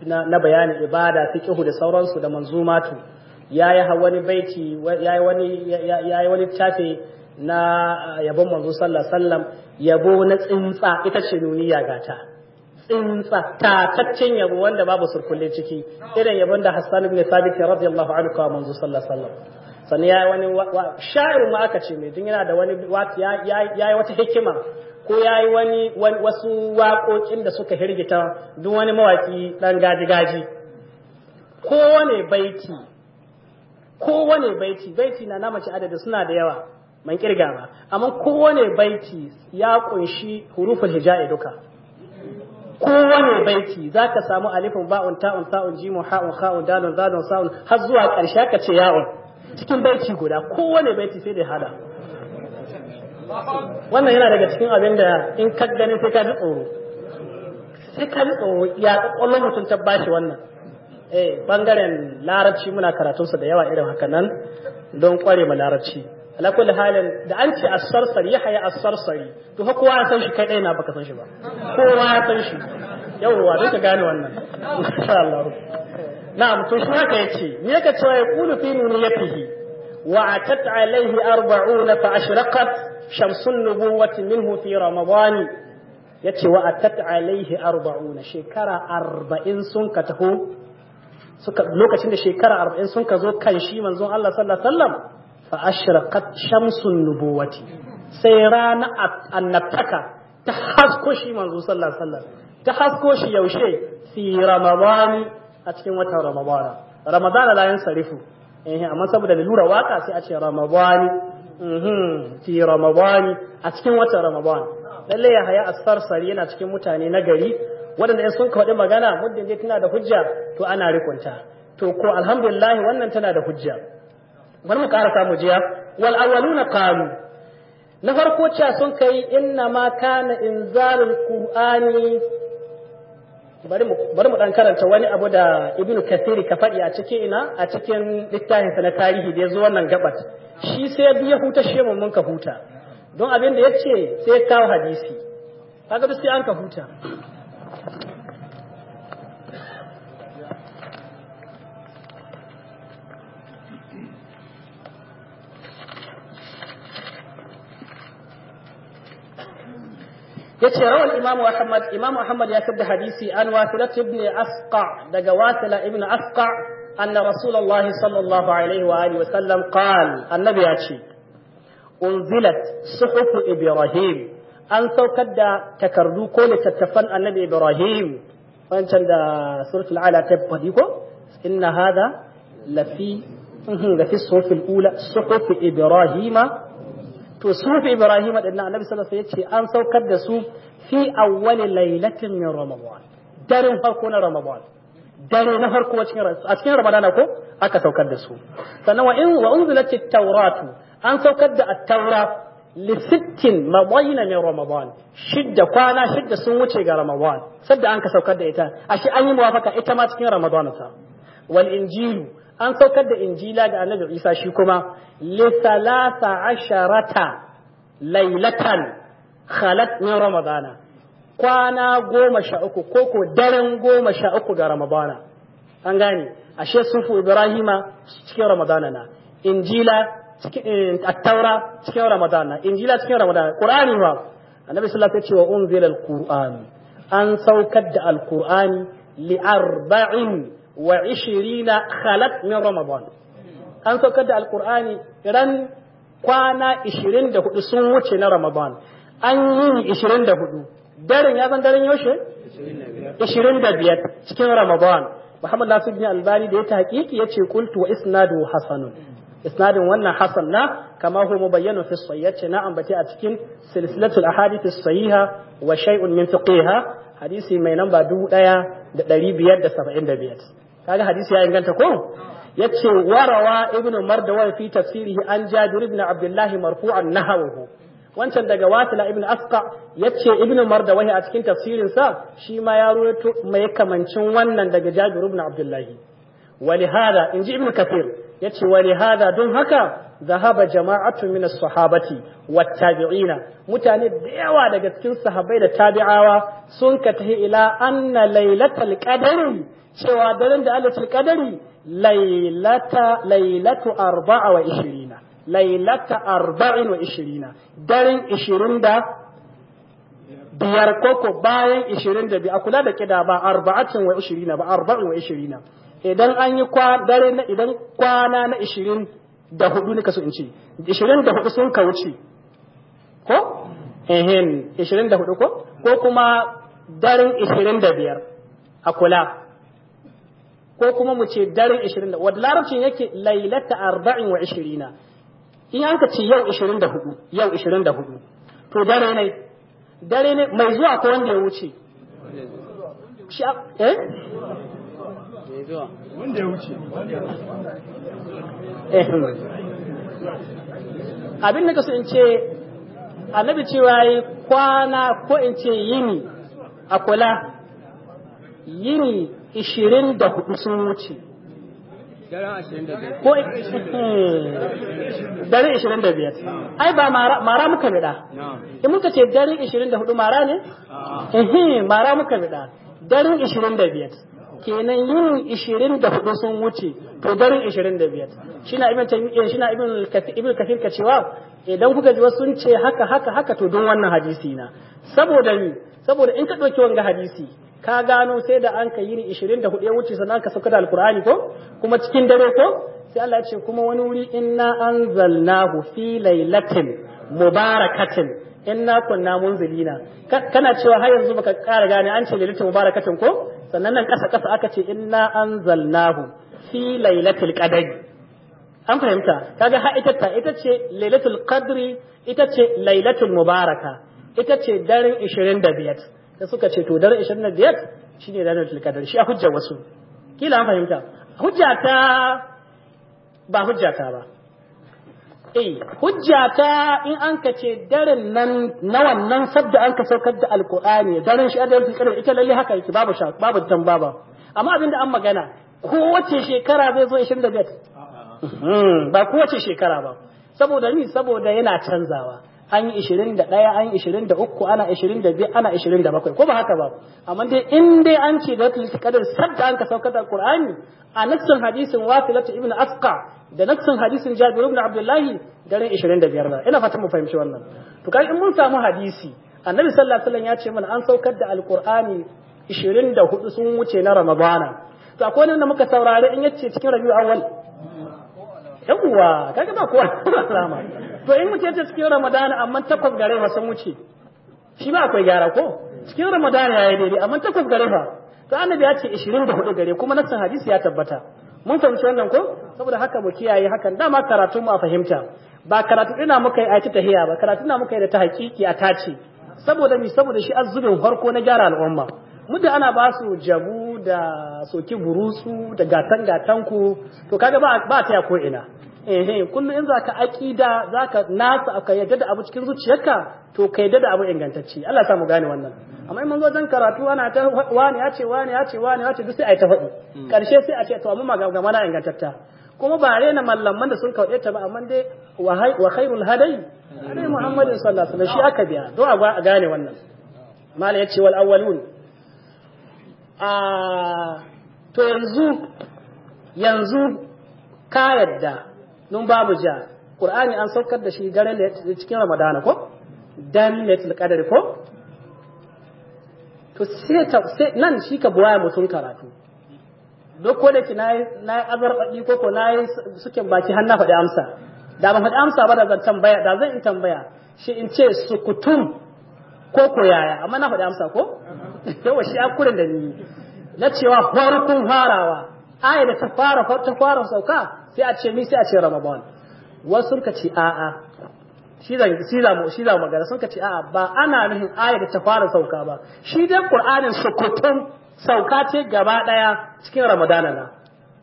na bayanin ibada fiqhu da sauransu da manzumatu ya yi wani baiti ya yi wani tafe na ah, yabon manzo sallallahu sallam yabo na tsinsa ita ce nuniya gata tsinsa tataccen yabo wanda babu surkulle ciki irin yabon da Hassan ibn sabit radiyallahu anhu wa manzo sallallahu sallam sannan ya yi wani sha'ir ma aka ce mai dun yana da wani ya yi wata hikima ko ya yi wani wasu waƙoƙin da suka hirgita duk wani mawaƙi ɗan gaji-gaji kowane baiti kowane baiti baiti na na mace adadi suna da yawa man kirga ba amma kowane baiti ya kunshi huruful hija'i duka kowane baiti zaka samu alifin ba'un ta'un ta'un jimun ha'un kha'un dalun zalun sa'un har zuwa ƙarshe ka ce ya'un cikin baiti guda kowane baiti sai da hada wannan yana daga cikin abin da in ka gani sai ka ji tsoro sai ka ji tsoro ya ƙwallon mutum ta bashi wannan eh bangaren larabci muna karatun sa da yawa irin haka nan don kware mu larabci ala kulli halin da an ce as-sarsari yahya as-sarsari to ha kowa san shi kai dai na baka san shi ba kowa san shi yauwa don ka gane wannan insha Allah na'am to shi haka yace me yake cewa ya kulu fi nuniyatihi wa atat alaihi 40 fa ashraqat shamsun nubuwati minhu fi ramadani yace wa atat alaihi 40 shekara 40 sun ka taho suka lokacin da shekara arba'in sun ka zo kan shi manzon Allah sallallahu alaihi wasallam fa ashraqat shamsun nubuwati sai rana annabtaka ta hasko shi manzon sallallahu alaihi wasallam ta hasko shi yaushe fi ramadan a cikin watan ramadan ramadan la yan sarifu eh amma saboda lura waka sai a ce ramadan mhm fi ramadan a cikin watan ramadan lalle ya haya asfarsari yana cikin mutane na gari waɗanda in sun kaɗi magana muddin dai tana da hujja to ana rikunta to ko alhamdulillah wannan tana da hujja bari mu ƙara samu jiya wal awwaluna qalu na farko cewa sun kai inna ma kana in qur'ani bari mu bari mu dan karanta wani abu da ibnu kathiri ka faɗi a cikin ina a cikin littafin sa na tarihi da yazo wannan gabat shi sai biya huta shi mun ka huta don abin da yace sai kawo hadisi kaga duk sai an ka huta يتي روى الإمام أحمد إمام أحمد يكب حديثي أن واثلة ابن أفقع دق ابن أفقع أن رسول الله صلى الله عليه وآله وسلم قال النبي أتشي أنزلت صحف إبراهيم أن توكد تكردو كل تتفن النبي إبراهيم وأنت عند سورة العالى تبقى إن هذا لفي لفي الصحف الأولى صحف إبراهيم to sufi ibrahim din annabi sallallahu alaihi wasallam yace an saukar da su fi awwal laylatin min ramadan daren farko na ramadan dare na farko cikin a cikin ramadana ko aka saukar da su sannan wa in wa unzilat at-tauratu an saukar da at-taura li sittin mabayna min ramadan shidda kwana shidda sun wuce ga ramadan sadda an ka saukar da ita ashe an yi muwafaka ita ma cikin ramadan ta wal injilu an saukar da injila ga annabi isa shi kuma salasa asharata lailatan khalat min ramadana kwana goma sha uku ko ko daren goma sha uku ga ramadana an gane ashe sufu ibrahima cikin ramadana na injila cikin eh, attaura cikin ramadana injila cikin ramadana qur'ani ba annabi sallallahu alaihi wasallam ya ce wa unzila alqur'an an saukar da alqur'ani li arba'in wa ishirina khalat min ramadan an saukar da alkur'ani ran kwana 24 sun wuce na ramadan an yi 24 daren ya zan daren yaushe biyar cikin ramadan muhammad nasir bin albani da ya tahqiqi yace qultu wa isnadu hasanun isnadin wannan hasan na kama hu mubayyanu fi sayyace na ambace a cikin silsilatul ahadith as-sahiha wa shay'un min fiqiha hadisi mai namba 1575 kaga hadisi ya inganta ko yace warawa ibnu mardawan fi tafsirihi an jabir ibn abdullah marfu'an nahwahu wancan daga wasila ibn asqa yace ibnu mardawahi a cikin tafsirin sa shi ma ya ruwaito mai kamancin wannan daga jabir ibn abdullah ولهذا إن جئ ابن كثير يتي ولهذا دون هكا ذهب جماعة من الصحابة والتابعين متاني ديوا دقتين صحابي التابعة سنكته إلى أن ليلة القدر cewa daren da alatul qadari lailata lailatu arba'a wa ishirina lailata arba'in wa ishirina daren ishirin da biyar koko bayan ishirin da biyar a kula da kida ba arba'atin wa ishirina ba arba'in wa ishirina idan an yi dare na idan kwana na ishirin da hudu ne kasu in ce ishirin da hudu sun kauce ko ehin ishirin da hudu ko ko kuma daren ishirin da biyar a kula ko kuma mu ce daren 20 wadda larabcin yake lailata 24 in an ka ce yau 24 yau 24 to dare ne dare ne mai zuwa ko wanda ya wuce eh wanda ya eh. abin da kasu in ce annabi cewa yi kwana ko in ce yini a kula yini ishirin da hudu sun wuce ko eh, dare ishirin da biyar ai ba mara muka mida. in muka ce dare ishirin da hudu mara ne mara muka mida. dare ishirin da biyar kenan yin ishirin da hudu sun wuce to dari ishirin da biyar shi na ibin eh, kafin ka cewa idan kuka ji wasu sun ce haka haka haka to don wannan hadisi na saboda ni saboda in ka ɗauki wanga hadisi ka gano sai da an ka yini 24 ya wuce sannan ka sauka da alkur'ani ko kuma cikin dare ko sai Allah ya ce kuma wani wuri inna anzalnahu fi lailatin mubarakatin inna kunna munzilina kana cewa har yanzu baka ƙara gane an ce lailatin mubarakatin ko sannan nan kasa kasa aka ce inna anzalnahu fi lailatul qadri an fahimta kaga ha ita ta ita ce lailatul qadri ita ce lailatul mubaraka ita ce daren 25 da suka ce to daren 25 shine ranar tulkadar shi a hujjar wasu kila an fahimta hujja ta ba hujja ta ba eh hujja ta in an ka ce daren nan na wannan sabda an ka saukar da alqur'ani daren shi adalci kada ita lalle haka yake babu sha babu dan baba amma da an magana kowace shekara zai zo 25 hmm, ba kowace shekara ba saboda ni saboda yana canzawa an yi 21 an yi 23 ana 22 ana 27 ko ba haka ba amma dai in dai an ce da lailatul kadar sadda an ka saukar da qur'ani a nassin hadisin wasilatu ibn asqa da nassin hadisin jabir ibn abdullahi da 25 ba ina fatan mu fahimci wannan to kai in mun samu hadisi annabi sallallahu alaihi wasallam ya ce mana an saukar da alqur'ani 24 sun wuce na ramadana to akwai wanda muka saurari in yace cikin rabiul awwal yawwa kaga ba kowa to in mutum ta cikin ramadana amma takwas gare ma sun wuce shi ba akwai gyara ko cikin ramadana ya yi daidai amma takwas gare fa to annabi ya ce ishirin da gare kuma nassan hadisi ya tabbata mun fahimci wannan ko saboda haka mu kiyaye hakan dama karatu mu a fahimta ba karatu ina muka yi aiki tahiya ba karatu ina muka yi da ta hakiki a tace saboda mi saboda shi azzubin farko na gyara al'umma muddin ana ba su jabu da soki burusu da gatan gatan ku to kaga ba ba ta ko ina eh kullum in zaka aqida zaka nasu aka yadda da abu cikin zuciyarka to ka yadda da abu ingantacce Allah ya sa mu gane wannan amma in mun zo jan karatu ana ta wani ya ce wani ya ce wani ya ce duk sai ai ta faɗi karshe hmm. sai a ce to amma ga mana ingantatta kuma ba rena mallaman da sun kauɗe ta ba amma dai wa khairul hadai hadai Muhammad sallallahu alaihi wasallam shi aka biya Do a gane wannan ya ce wal awwalun a to yanzu yanzu ka yadda nun babu ja qur'ani an saukar da shi garin cikin ramadana ko dan ne qadari ko to sai ta sai nan shi ka buwaya mutum karatu duk ko da ki nayi nayi azarbaɗi ko ko nayi suke baki har na faɗi amsa da ban faɗi amsa ba da zan tambaya da zan in tambaya shi in ce sukutum ko ko yaya amma na faɗi amsa ko yawa shi akurin da ni na cewa farkon farawa aya da ta fara ta fara sauka sai a ce mi sai a ce ramadan wasu ka ce a'a shi za shi za magana sun ce a'a ba ana nufin ayar da ta fara sauka ba shi dai qur'anin sukutun sauka ce gaba daya cikin ramadana na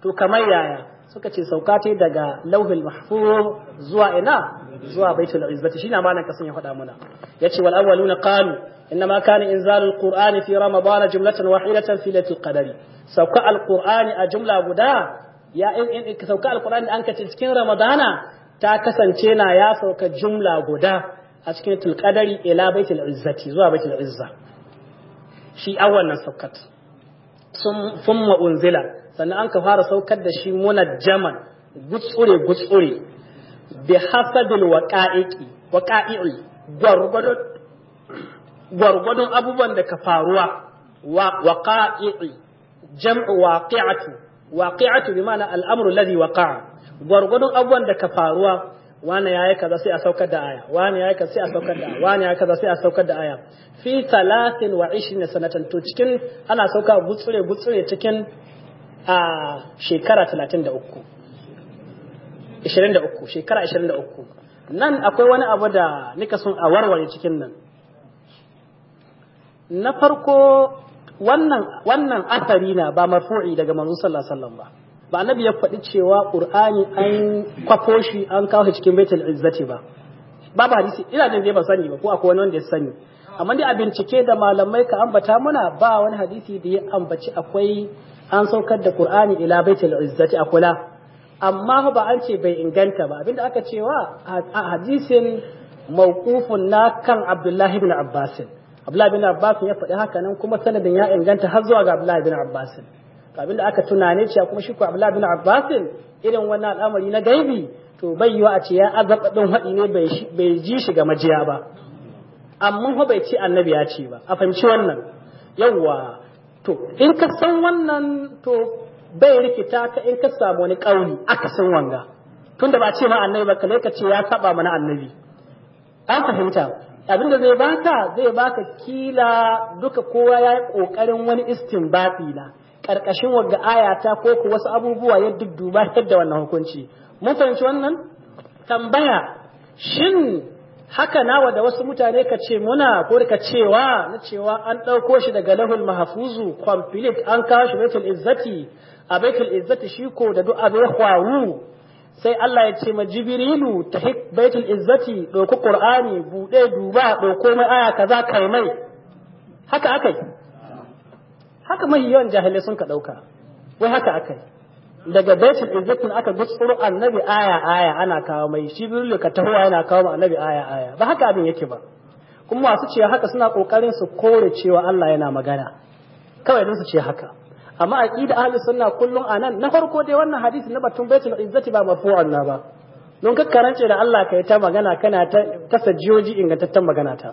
to kamar yaya suka ce sauka ce daga lauhul mahfuz zuwa ina zuwa baitul izzati shine amanan kasan ya faɗa mana yace wal awwaluna qalu إنما كان إنزال القرآن في رمضان جملة واحدة في sauka al سوك a jumla guda? ya ka sauka alkur'ani da an kace cikin ramadana ta kasance na ya sauka jumla guda a cikin tulqadari ila baitul izzati zuwa baitul izza shi awwalan saukat sun thumma unzila sannan an ka fara saukar da shi munajjaman gutsure gutsure bi hasabil waqa'iqi waqa'i'i gwargwadon abubuwan da ka faruwa waqa'i'i jam'u waqi'atu waqi'atu bi al-amru alladhi waqa'a gurgudun abwan da ka faruwa wani yayi kaza sai a saukar da aya wani yayi kaza sai a saukar da wani yayi kaza sai a saukar da aya fi 23 sanatan to cikin ana sauka gutsure gutsure cikin a shekara 33 23 shekara 23 nan akwai wani abu da nika sun a warware cikin nan na farko wannan wannan asari na ba marfu'i daga manzo sallallahu alaihi wasallam ba ba annabi ya faɗi cewa qur'ani an kwafo shi an kawo cikin baitul izzati ba babu hadisi ina zai zai ba sani ba ko akwai wani wanda ya sani amma dai a bincike da malamai ka ambata muna ba wani hadisi da ya ambaci akwai an saukar da Qur'ani ila baitul izzati a kula amma ba an ce bai inganta ba abinda aka cewa hadisin mawqufun na kan Abdullahi ibn abbasin Abdullahi bin Abbas ya faɗi haka nan kuma sanadin ya inganta har zuwa ga Abdullahi bin Abbas Kabin da aka tunane cewa kuma shi ko Abdullahi bin Abbas irin wannan al'amari na gaibi to bai yiwa a ce ya azaba din haɗi ne bai ji shi ga majiya ba amma fa bai ce annabi ya ce ba a fahimci wannan yawwa to in ka san wannan to bai rikita ka in ka samu wani kauli aka san wanga tunda ba a ce ma annabi ba kale ka ce ya saba mana annabi an fahimta Abin da zai baka zai baka kila duka kowa ya yi ƙoƙarin wani istinbati na ƙarƙashin wagga ayata ko ku wasu abubuwa ya dudduba da wannan hukunci mun fahimci wannan tambaya shin haka nawa da wasu mutane ka ce muna ko ka cewa na cewa an ɗauko shi daga lahul mahfuzu complete an kawo shi baitul izzati a baitul izzati shi ko da duk abin kwawu sai Allah ya ce ma jibrilu ta baitul izzati ɗauki qur'ani buɗe duba doko mai aya kaza kai mai haka akai haka mai yawan jahilai sun ka ɗauka wai haka akai daga baitul izzati aka gutsuro annabi aya aya ana kawo mai jibrilu ka taho yana kawo annabi aya aya ba haka abin yake ba kuma masu ce haka suna kokarin su kore cewa Allah yana magana kawai dan su ce haka amma da ahli sunna a nan na farko dai wannan hadisi na batun baitul izzati ba mafi na ba don ka karance da Allah Ka yi ta magana kana ta jiyoji ingantattun magana ta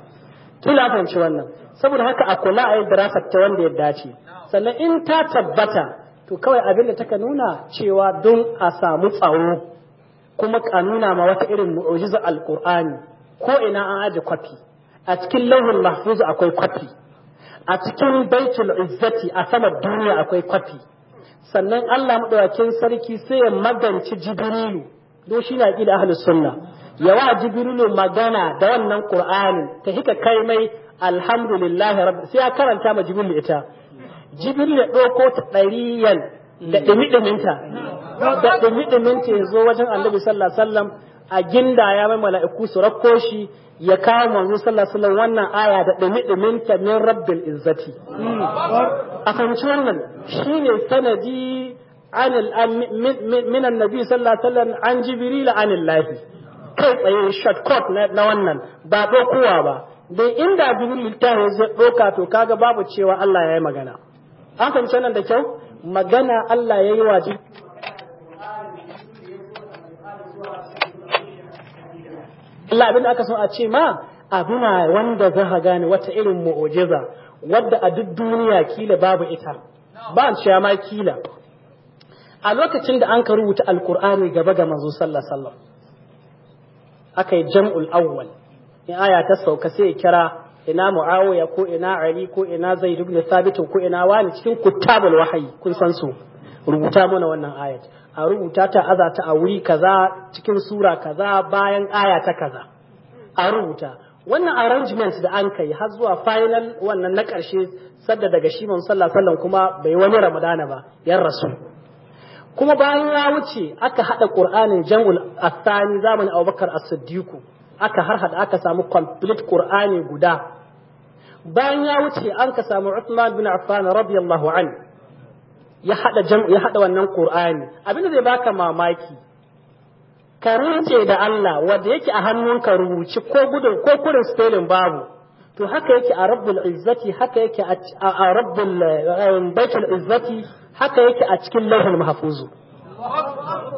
na fahimci wannan saboda haka a kula a yi dirasar ta wanda ya dace sannan in ta tabbata to kawai abin da taka nuna cewa don a samu tsawo kuma a nuna ma wata irin mu'ujizar alkur'ani ko ina an aje kwafi a cikin lauhin mahfuz akwai kwafi a cikin baitul izzati a saman duniya akwai kwafi sannan Allah madawakin sarki sai ya maganci jibrilu do shi na da ahli sunna yawa jibrilu magana da wannan qur'anin ta hika kai mai alhamdulillah rabbi sai ya karanta ma jibrilu ita jibrilu ya ɗauko ta ɗariyan da dumi da dumi ya zo wajen annabi sallallahu alaihi wasallam a ginda ya mai mala'iku su rakko shi ya kawo manzo sallallahu alaihi wannan aya da dumi dumin ta min rabbil izzati a fahimci wannan shine sanadi an min annabi sallallahu alaihi wasallam an jibril an allahi kai tsaye shortcut na wannan ba kowa ba dai inda jibril ta zai doka to kaga babu cewa Allah ya yi magana an fahimci nan da kyau magana Allah ya yi wa Allah abin da aka so a ce ma abuna wanda za ka gane wata irin mu'ujiza wadda a duk duniya kila babu ita ba ciya ma kila a lokacin da an ka rubuta alkur'ani gaba ga manzo sallallahu alaihi wasallam aka yi jam'ul awwal in aya ta sauka sai ya kira ina muawiya ko ina ali ko ina zaid ibn thabit ko ina wani cikin kuttabul wahayi kun san su rubuta mana wannan ayat a rubuta ta aza ta a wuri kaza cikin sura kaza bayan aya ta kaza a rubuta wannan arrangement da an kai har zuwa final wannan na ƙarshe sadda daga shi man sallah sallan kuma bai wani ramadana ba yan rasu kuma bayan ya wuce aka hada qur'anin jangul athani zamanin abubakar as-siddiq aka har hada aka samu complete qur'ani guda bayan ya wuce an ka samu Uthman bin Affan radiyallahu anhu ya hada ya hada wannan Qur'ani abinda zai baka mamaki ka da Allah wanda yake a hannunka rubuci ko gudun ko kurin spelling babu to haka yake a Rabbul Izzati haka yake a Rabbul um, Baitul Izzati haka yake a cikin Lauhul Mahfuz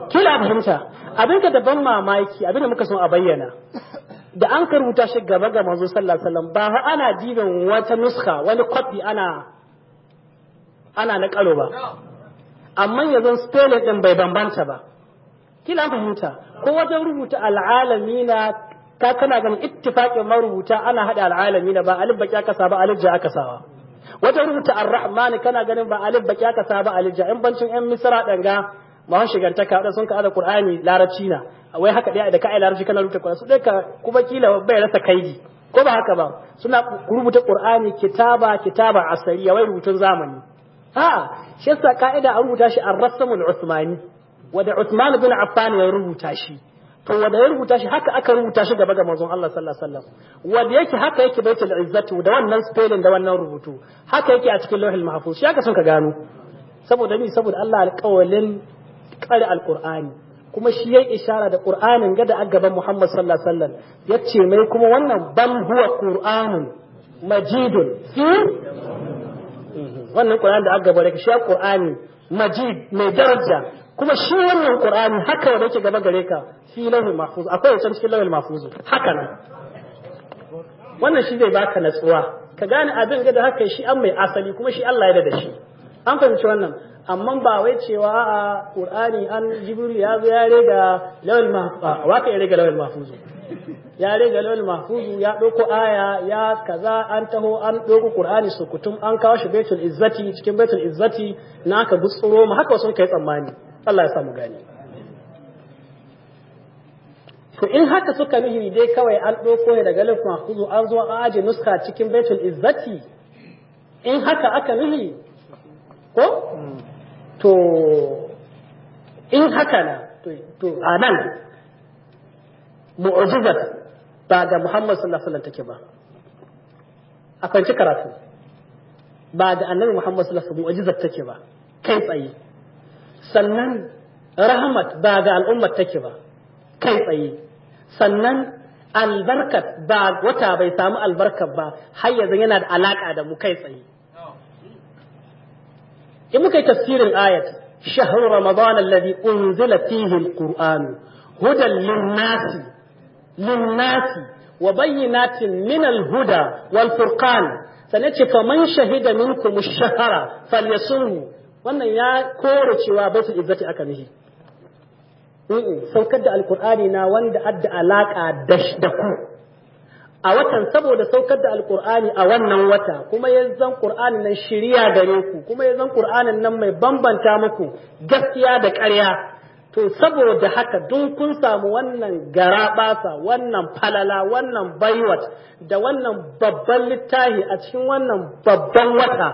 kila fahimta abin ka daban mamaki abin da muka so a bayyana da an karuta rubuta shi gaba ga manzo sallallahu alaihi wasallam ba ana jiban wata nuskha wani kwafi ana ana na karo ba amma yanzu spelling din bai bambanta ba kila fahimta ko wajen rubuta al'alamina ka kana ganin ittifaqin marubuta ana hada al'alamina ba alif baki aka saba alif ja aka sawa wajen rubuta ar-rahman kana ganin ba alif baki aka saba alif ja in bancin yan misra danga ma shigantaka da sun ka ada qur'ani larabci na wai haka dai da ka ai larabci kana rubuta qur'ani su dai ka kuma kila bai rasa kaiji ko ba haka ba suna rubuta qur'ani kitaba kitaba asariya wai rubutun zamani a'a shi yasa ka'ida an rubuta shi ar-rasmul usmani wanda Uthman bin Affan ya rubuta shi to wanda ya rubuta shi haka aka rubuta shi gaba ga manzon Allah sallallahu alaihi wasallam yake haka yake baitul izzatu da wannan spelling da wannan rubutu haka yake a cikin lauhul mahfuz shi haka sun ka gano saboda ni saboda Allah alƙawalin qari alqur'ani kuma shi yayi ishara da qur'anin ga da gaban Muhammad sallallahu alaihi wasallam yace mai kuma wannan ban huwa qur'anun majidun fi wannan Qur'ani da aka gaba ka shi Qur'ani majid mai daraja kuma shi wannan Qur'ani haka wanda yake gaba gare ka fi lahul mahfuz akwai wancan cikin lahul mahfuz haka nan wannan shi zai baka natsuwa ka gane abin ga da haka shi an mai asali kuma shi Allah ya da shi an fahimci wannan amma ba wai cewa a qur'ani an jibril ya zo ya rega lawal mahfuz wa ka rega lawal mahfuz ya rega lawal mahfuz ya dauko aya ya kaza an taho an dauko qur'ani kutum an kawo shi baitul izzati cikin baitul izzati na ka gutsuro mu haka sun kai tsammani Allah ya sa mu gani to in haka suka nuhi dai kawai an doko ne daga lafin mahfuzu an zo an aje nuska cikin baitul izzati in haka aka nuhi ko hmm. to in haka na to a nan mu'jizar ba ga Muhammad sallallahu alaihi wasallam take ba a kwanci karatu ba ga annabi Muhammad sallallahu alaihi wasallam mu'jizar take ba kai tsaye sannan rahmat ba ga al'ummar take ba kai tsaye sannan albarkat ba wata bai samu albarkat ba har yanzu yana da alaka da mu kai tsaye in muka yi tafsirin ayat shahru ramadan alladhi unzila fihi alquran hudan linnasi linnasi wa bayyinatin min alhuda wal furqan sanne ce faman shahida minkum ash-shahra falyasumhu wannan ya kore cewa baitul izzati aka mihi saukar da alkur'ani na wanda adda alaka da ku a watan saboda saukar da alkur'ani a wannan wata kuma ya zan kur'ani nan shirya gare ku kuma ya zan qur'anin nan mai bambanta muku gaskiya da ƙarya to saboda haka dun kun samu wannan garaɓasa wannan falala wannan baiwat da wannan babban littafi a cikin wannan babban wata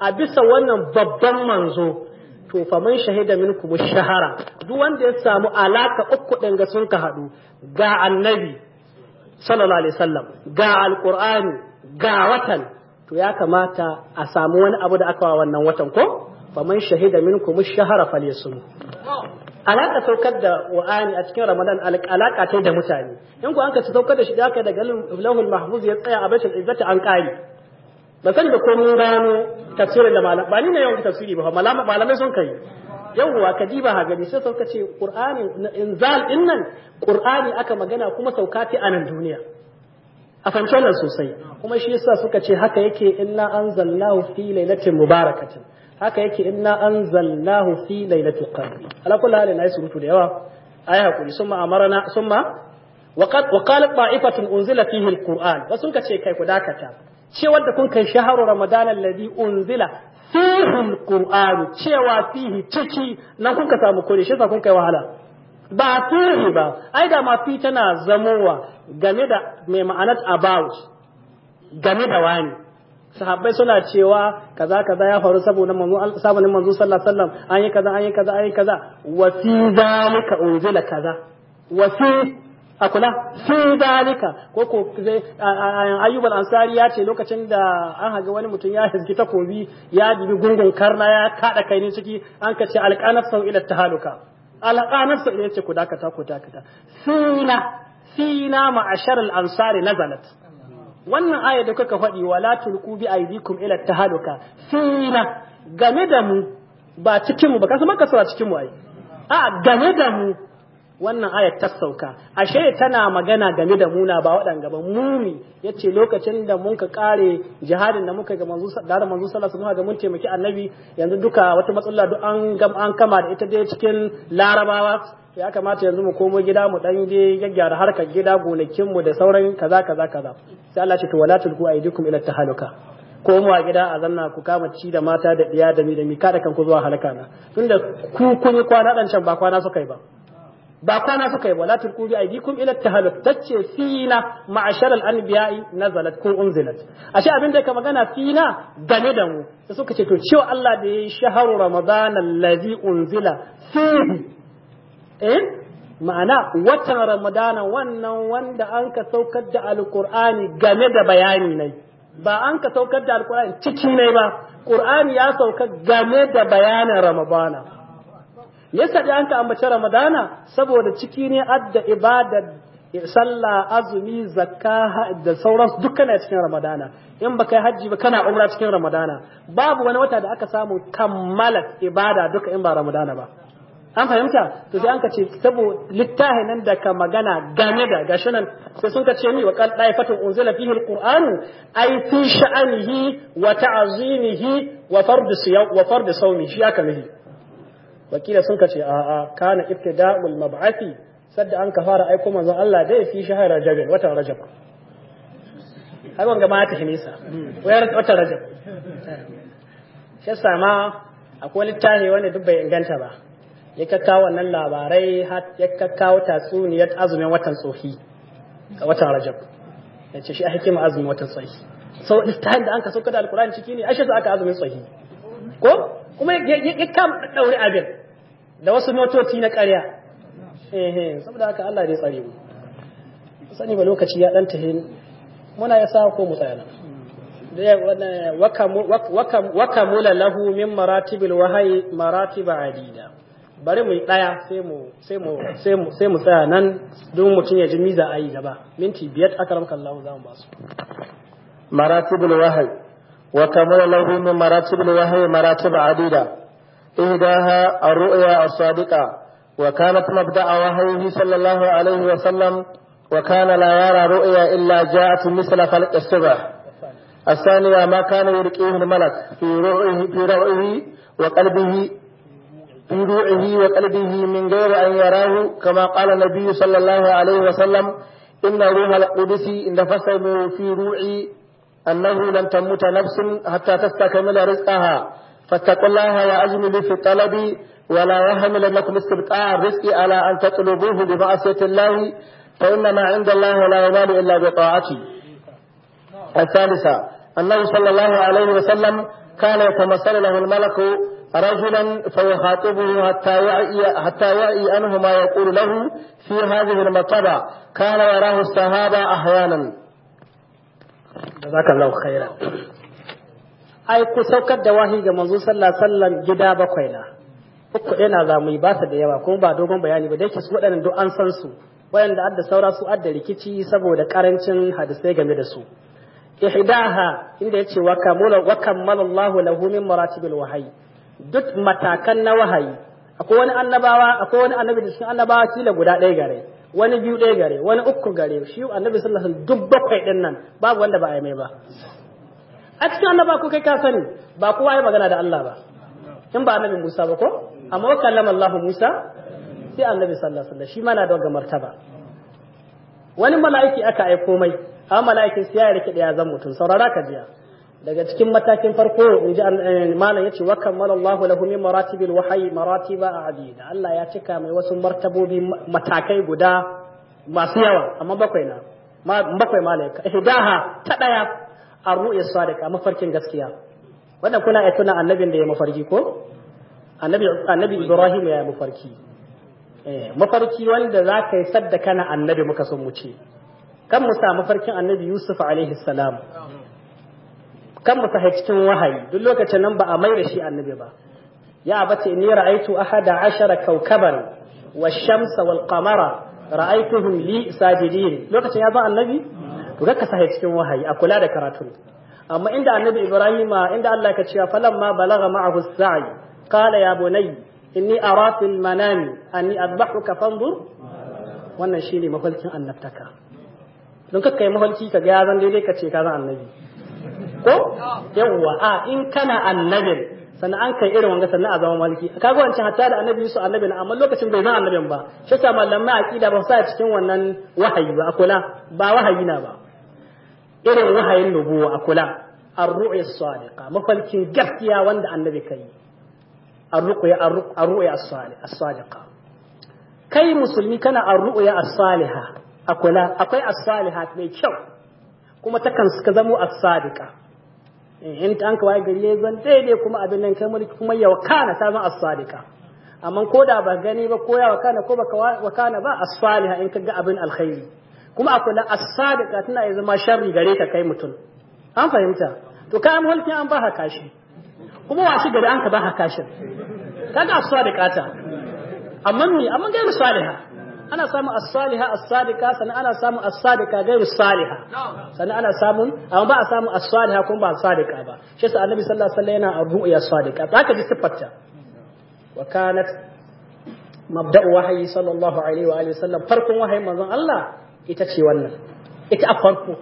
a bisa wannan babban manzo to fa man shahida minkum shahara duk wanda ya samu alaka uku din ga sun ka haɗu ga annabi sallallahu alaihi wasallam ga alqur'ani ga watan to ya kamata a samu wani abu da aka wa wannan watan ko faman shahida minkum ash-shahra falyasum alaka saukar da wa'ani a cikin ramadan alaka ta da mutane in ku an ka saukar da shi da aka daga lahul mahfuz ya tsaya a bashar izzati an kare ba san da komai gano tafsirin da malam ba ni ne yawan tafsiri ba malamai sun kai yawwa ka diba ha gani sai sauka ce qur'ani inzal din nan qur'ani aka magana kuma sauka ta a nan duniya a fahimtar wannan sosai kuma shi yasa suka ce haka yake inna anzalnahu fi lailatin mubarakatin haka yake inna anzalnahu fi lailatul qadr ala kulli halin ayi surutu da yawa ayi hakuri summa amarna summa waqad wa qalat ta'ifatun unzila fihi alquran ka ce kai ku dakata ce wanda kun kai shaharu ramadan alladhi unzila fihil qur'anu cewa fihi ciki na kun ka samu kore shi kun kai wahala ba fihi ba ai da ma fi tana zamowa game da mai ma'anar about game da wani sahabbai suna cewa kaza kaza ya faru saboda manzo saboda manzo sallallahu alaihi wasallam an yi kaza an yi kaza an yi kaza wa fi zalika unzila kaza wa fi a kula fi dalika ko ko ayyub ansari ya ce lokacin da an haga wani mutum ya hizgi takobi ya dubi gungun karna ya kada kai ne ciki an kace alqanaf sau ila tahaluka alqanaf sau ila ce ku dakata ku dakata sina sina ma'ashar al-ansari nazalat wannan aya da kuka faɗi wala tulqu bi aydikum ila tahaluka sina game da mu ba cikin mu ba kasu maka sura cikin mu ai a game da mu wannan ayat ta sauka ashe tana magana game da muna ba waɗanga ba mumi ya ce lokacin da mun ka kare jihadin da muka ga manzo da manzo sallallahu alaihi wasallam mun taimaki annabi yanzu duka wata matsala duk an gam an kama da ita dai cikin larabawa ya kamata yanzu mu komo gida mu dan je gyaggyara harkar gida gonakin mu da sauran kaza kaza kaza sai Allah ce to wala tulku aidikum ila tahaluka komowa gida a zanna ku kama ci da mata da diya da mi da mi kada kanku zuwa halaka na tunda ku kun yi kwana dan can ba kwana suka yi ba ba kwana suka yi wala tulqu bi aydikum ila tahallut tace fina ma'ashar al-anbiya'i nazalat ko unzilat ashe abin da ka magana fina game da mu sai suka ce to cewa Allah da yayi shahru ramadan allazi unzila fihi eh ma'ana watan ramadana wannan wanda an ka saukar da alqur'ani game da bayani ne ba an ka saukar da alqur'ani ciki ne ba qur'ani ya sauka game da bayanin ramadana yasa da an ka ambaci ramadana saboda ciki ne adda ibada sallah azumi zakka da sauransu duk a cikin ramadana in baka yi hajji ba kana umra cikin ramadana babu wani wata da aka samu kammala ibada duka in ba ramadana ba an fahimta to sai an ka ce sabo littahi nan da ka magana game da gashi nan sai sun ka ce ni wa qad daifatun unzila fihi alquranu ay fi sha'anihi wa ta'zimihi wa fard siyam wa fard sawmi shi aka nahi wakila sun kace a a kana ibtida'ul mab'athi sadda an ka fara aiko manzon Allah dai fi shahar rajab watan rajab har wanga ma ta hinisa wayar watan rajab shi sama akwai littafi wanda duk bai inganta ba ya kakkawo wannan labarai har ya wata tatsuniyar azumin watan tsohi a watan rajab ya ce shi a hikima azumin watan tsohi sau littafin da an ka sauka da alkur'ani ciki ne ashe su aka azumin tsohi ko kuma ya kama ɗaure abin da wasu motoci na ƙarya ehe saboda haka Allah ne tsare mu sani ba lokaci ya dan tahin muna ya sa ko mu tsaya nan waka mula lahu min maratibil wahai maratiba adida bari mu daya sai mu sai mu sai mu sai mu tsaya nan don mutun ya ji miza ayi a yi gaba minti biyar akramka Allah za mu ba su maratibul wahai wa kamala lahu min maratibil wahai maratib adida إهداها الرؤيا الصادقة وكانت مبدأ وحيه صلى الله عليه وسلم وكان لا يرى رؤيا إلا جاءت مثل خلق الصبح الثانية ما كان يرقيه الملك في روعه في روعه وقلبه في روعه وقلبه من غير أن يراه كما قال النبي صلى الله عليه وسلم إن روح القدس نفسه في روعي أنه لن تموت نفس حتى تستكمل رزقها فاتقوا الله وأجملوا في الطلب ولا وهم لكم استبقاء الرزق على أن تطلبوه بمعصية الله فان ما عند الله لا ينال إلا بطاعته الثالثة أنه صلى الله عليه وسلم كان يتمثل له الملك رجلا فيخاطبه حتى يعي حتى يعي أنه ما يقول له في هذه المرتبة كان يراه الصحابة أحيانا جزاك الله خيرا ai ku saukar da wahi ga manzo sallallahu alaihi wasallam gida bakwai na uku ɗaya na mu yi ba ta da yawa kuma ba dogon bayani ba da yake su waɗannan duk an san su waɗanda adda saura su adda rikici saboda karancin hadisai game da su ihdaha inda yace wa kamula wa kammala Allahu lahu min maratibil wahyi duk matakan na wahayi akwai wani annabawa akwai wani annabi da shi annabawa kila guda ɗaya gare wani biyu ɗaya gare wani uku gare shi annabi sallallahu alaihi wasallam duk bakwai ɗin nan babu wanda ba a yi mai ba a cikin annaba ko kai ka sani ba kowa ya magana da Allah ba in ba annabi Musa ba ko amma wa kallama Allah Musa sai annabi sallallahu alaihi wasallam shi ma na da martaba wani mala'iki aka aiko mai amma mala'ikin sai ya rike da ya zan mutum saurara ka jiya daga cikin matakin farko in ji eh, malam yace wa kammala Allahu lahu min maratibil wahyi maratiba adida Allah ya cika mai wasu martabobi matakai guda masu yawa amma bakwai na bakwai malaika ihdaha ta daya ar-ru'ya sadiqa mafarkin gaskiya wanda kuna ya tuna annabin da ya mafarki ko annabi annabi Ibrahim ya mafarki eh mafarki wanda zaka yi sadda kana annabi muka san mu ce kan mu sa mafarkin annabi Yusuf alaihi salam kan mu cikin wahayi duk lokacin nan ba a mai da shi annabi ba ya bace inni ra'aytu ahada ashara kawkaban wa shamsa wal-qamara ra'aytuhum li sajidin lokacin ya ba annabi to ka sahi cikin wahayi a kula da karatun amma inda annabi ibrahima inda Allah ka cewa ma balagha ma'ahu sa'i qala ya bunay inni ara fil manami anni adbahuka fanzur wannan shine mafalkin annabtaka don kakkai mafalki ka ga zan daidai ka ce ka zan annabi ko yawwa a in kana annabin sannan an kai irin wanga sannan a zama maliki kaga wancan hatta da annabi su annabi na amma lokacin bai zan annabin ba shi yasa malamai aqida ba sa cikin wannan wahayi ba akula ba wahayi na ba irin wahayin nubuwa a kula arru'i sadiqa mafalkin gaskiya wanda annabi kai arru'i arru'i as-sadiqa kai musulmi kana arru'i as-saliha a kula akwai as-saliha mai kyau kuma takan suka zamo as-sadiqa eh, in ta an kawai gari zan daidai kuma abin nan kai mulki kuma ya wakana ta zama as-sadiqa amma ko da ba gani ba ko ya wakana ko baka wakana ba as-saliha in kaga abin alkhairi kuma a kula a sadaka tana ya zama sharri gare ka kai mutum an fahimta to kai an mulki an ba haka shi kuma shi gari an ka ba haka shi kaga as-sadiqa ta amma ni amma gairu salihah ana samu as-saliha as-sadiqa sannan ana samu as-sadiqa gairu saliha sannan ana samun amma ba a samu as-saliha kuma ba as-sadiqa ba shi yasa annabi sallallahu alaihi wasallam yana ar-ru'ya as-sadiqa ka ji sifarta wa kanat mabda'u wahyi sallallahu alaihi wa alihi wasallam farkon wahayin manzon Allah ita ce wannan ita a farko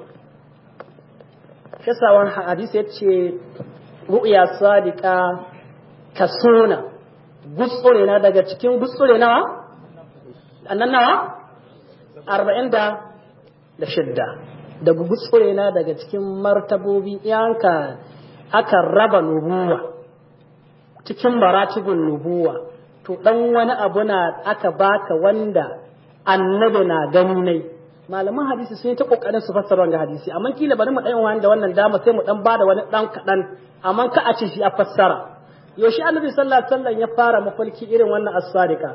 wani hadisi ya ce ru'ya sadiqa suna gutsure na daga cikin gutsure nawa annan nawa arba'in da da shidda daga gutsure na daga cikin martabobi yanka aka raba nubuwa cikin maratigun nubuwa to dan wani abu na aka baka wanda annabi na gani malaman hadisi sun yi ta kokarin su fassara wannan hadisi amma kila bari mu dan wani da wannan dama sai mu dan bada wani dan kadan amma ka a ce shi a fassara yaushe annabi sallallahu alaihi wasallam ya fara mafarki irin wannan as-sadiqa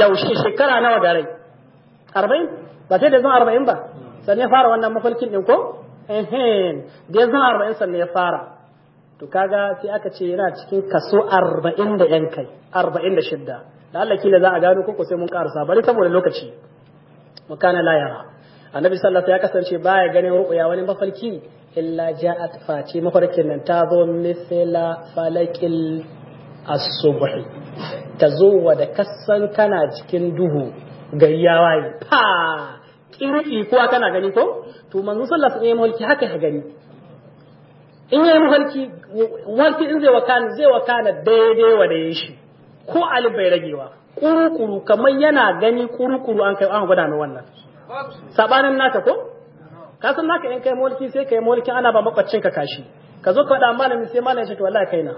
yaushe shekara nawa da rai 40 ba sai da zan 40 ba sannan ya fara wannan mafarkin din ko eh da zan 40 sannan ya fara to kaga sai aka ce yana cikin kaso 40 da yan kai 46 da Allah kila za a gano ko sai mun karasa bari saboda lokaci wa kana la yara annabi sallallahu ya kasance ba baya ganin ya wani mafarki illa a fati mafarkin nan ta zo misla falakil as-subhi ta zo wa da kasan kana cikin duhu gari ya waye fa kiri kuwa kana gani ko to manzo sallallahu alaihi wasallam haka ya gani in yayi mafarki mafarki in zai wakana zai daidai wa da shi ko alif bai ragewa kurukuru kamar yana gani kurukuru an kai an gwada mai wannan sabanin naka ko ka san naka in kai mulki sai kai mulki ana ba makwacin ka kashi ka zo ka faɗa malami sai malami shi to wallahi kaina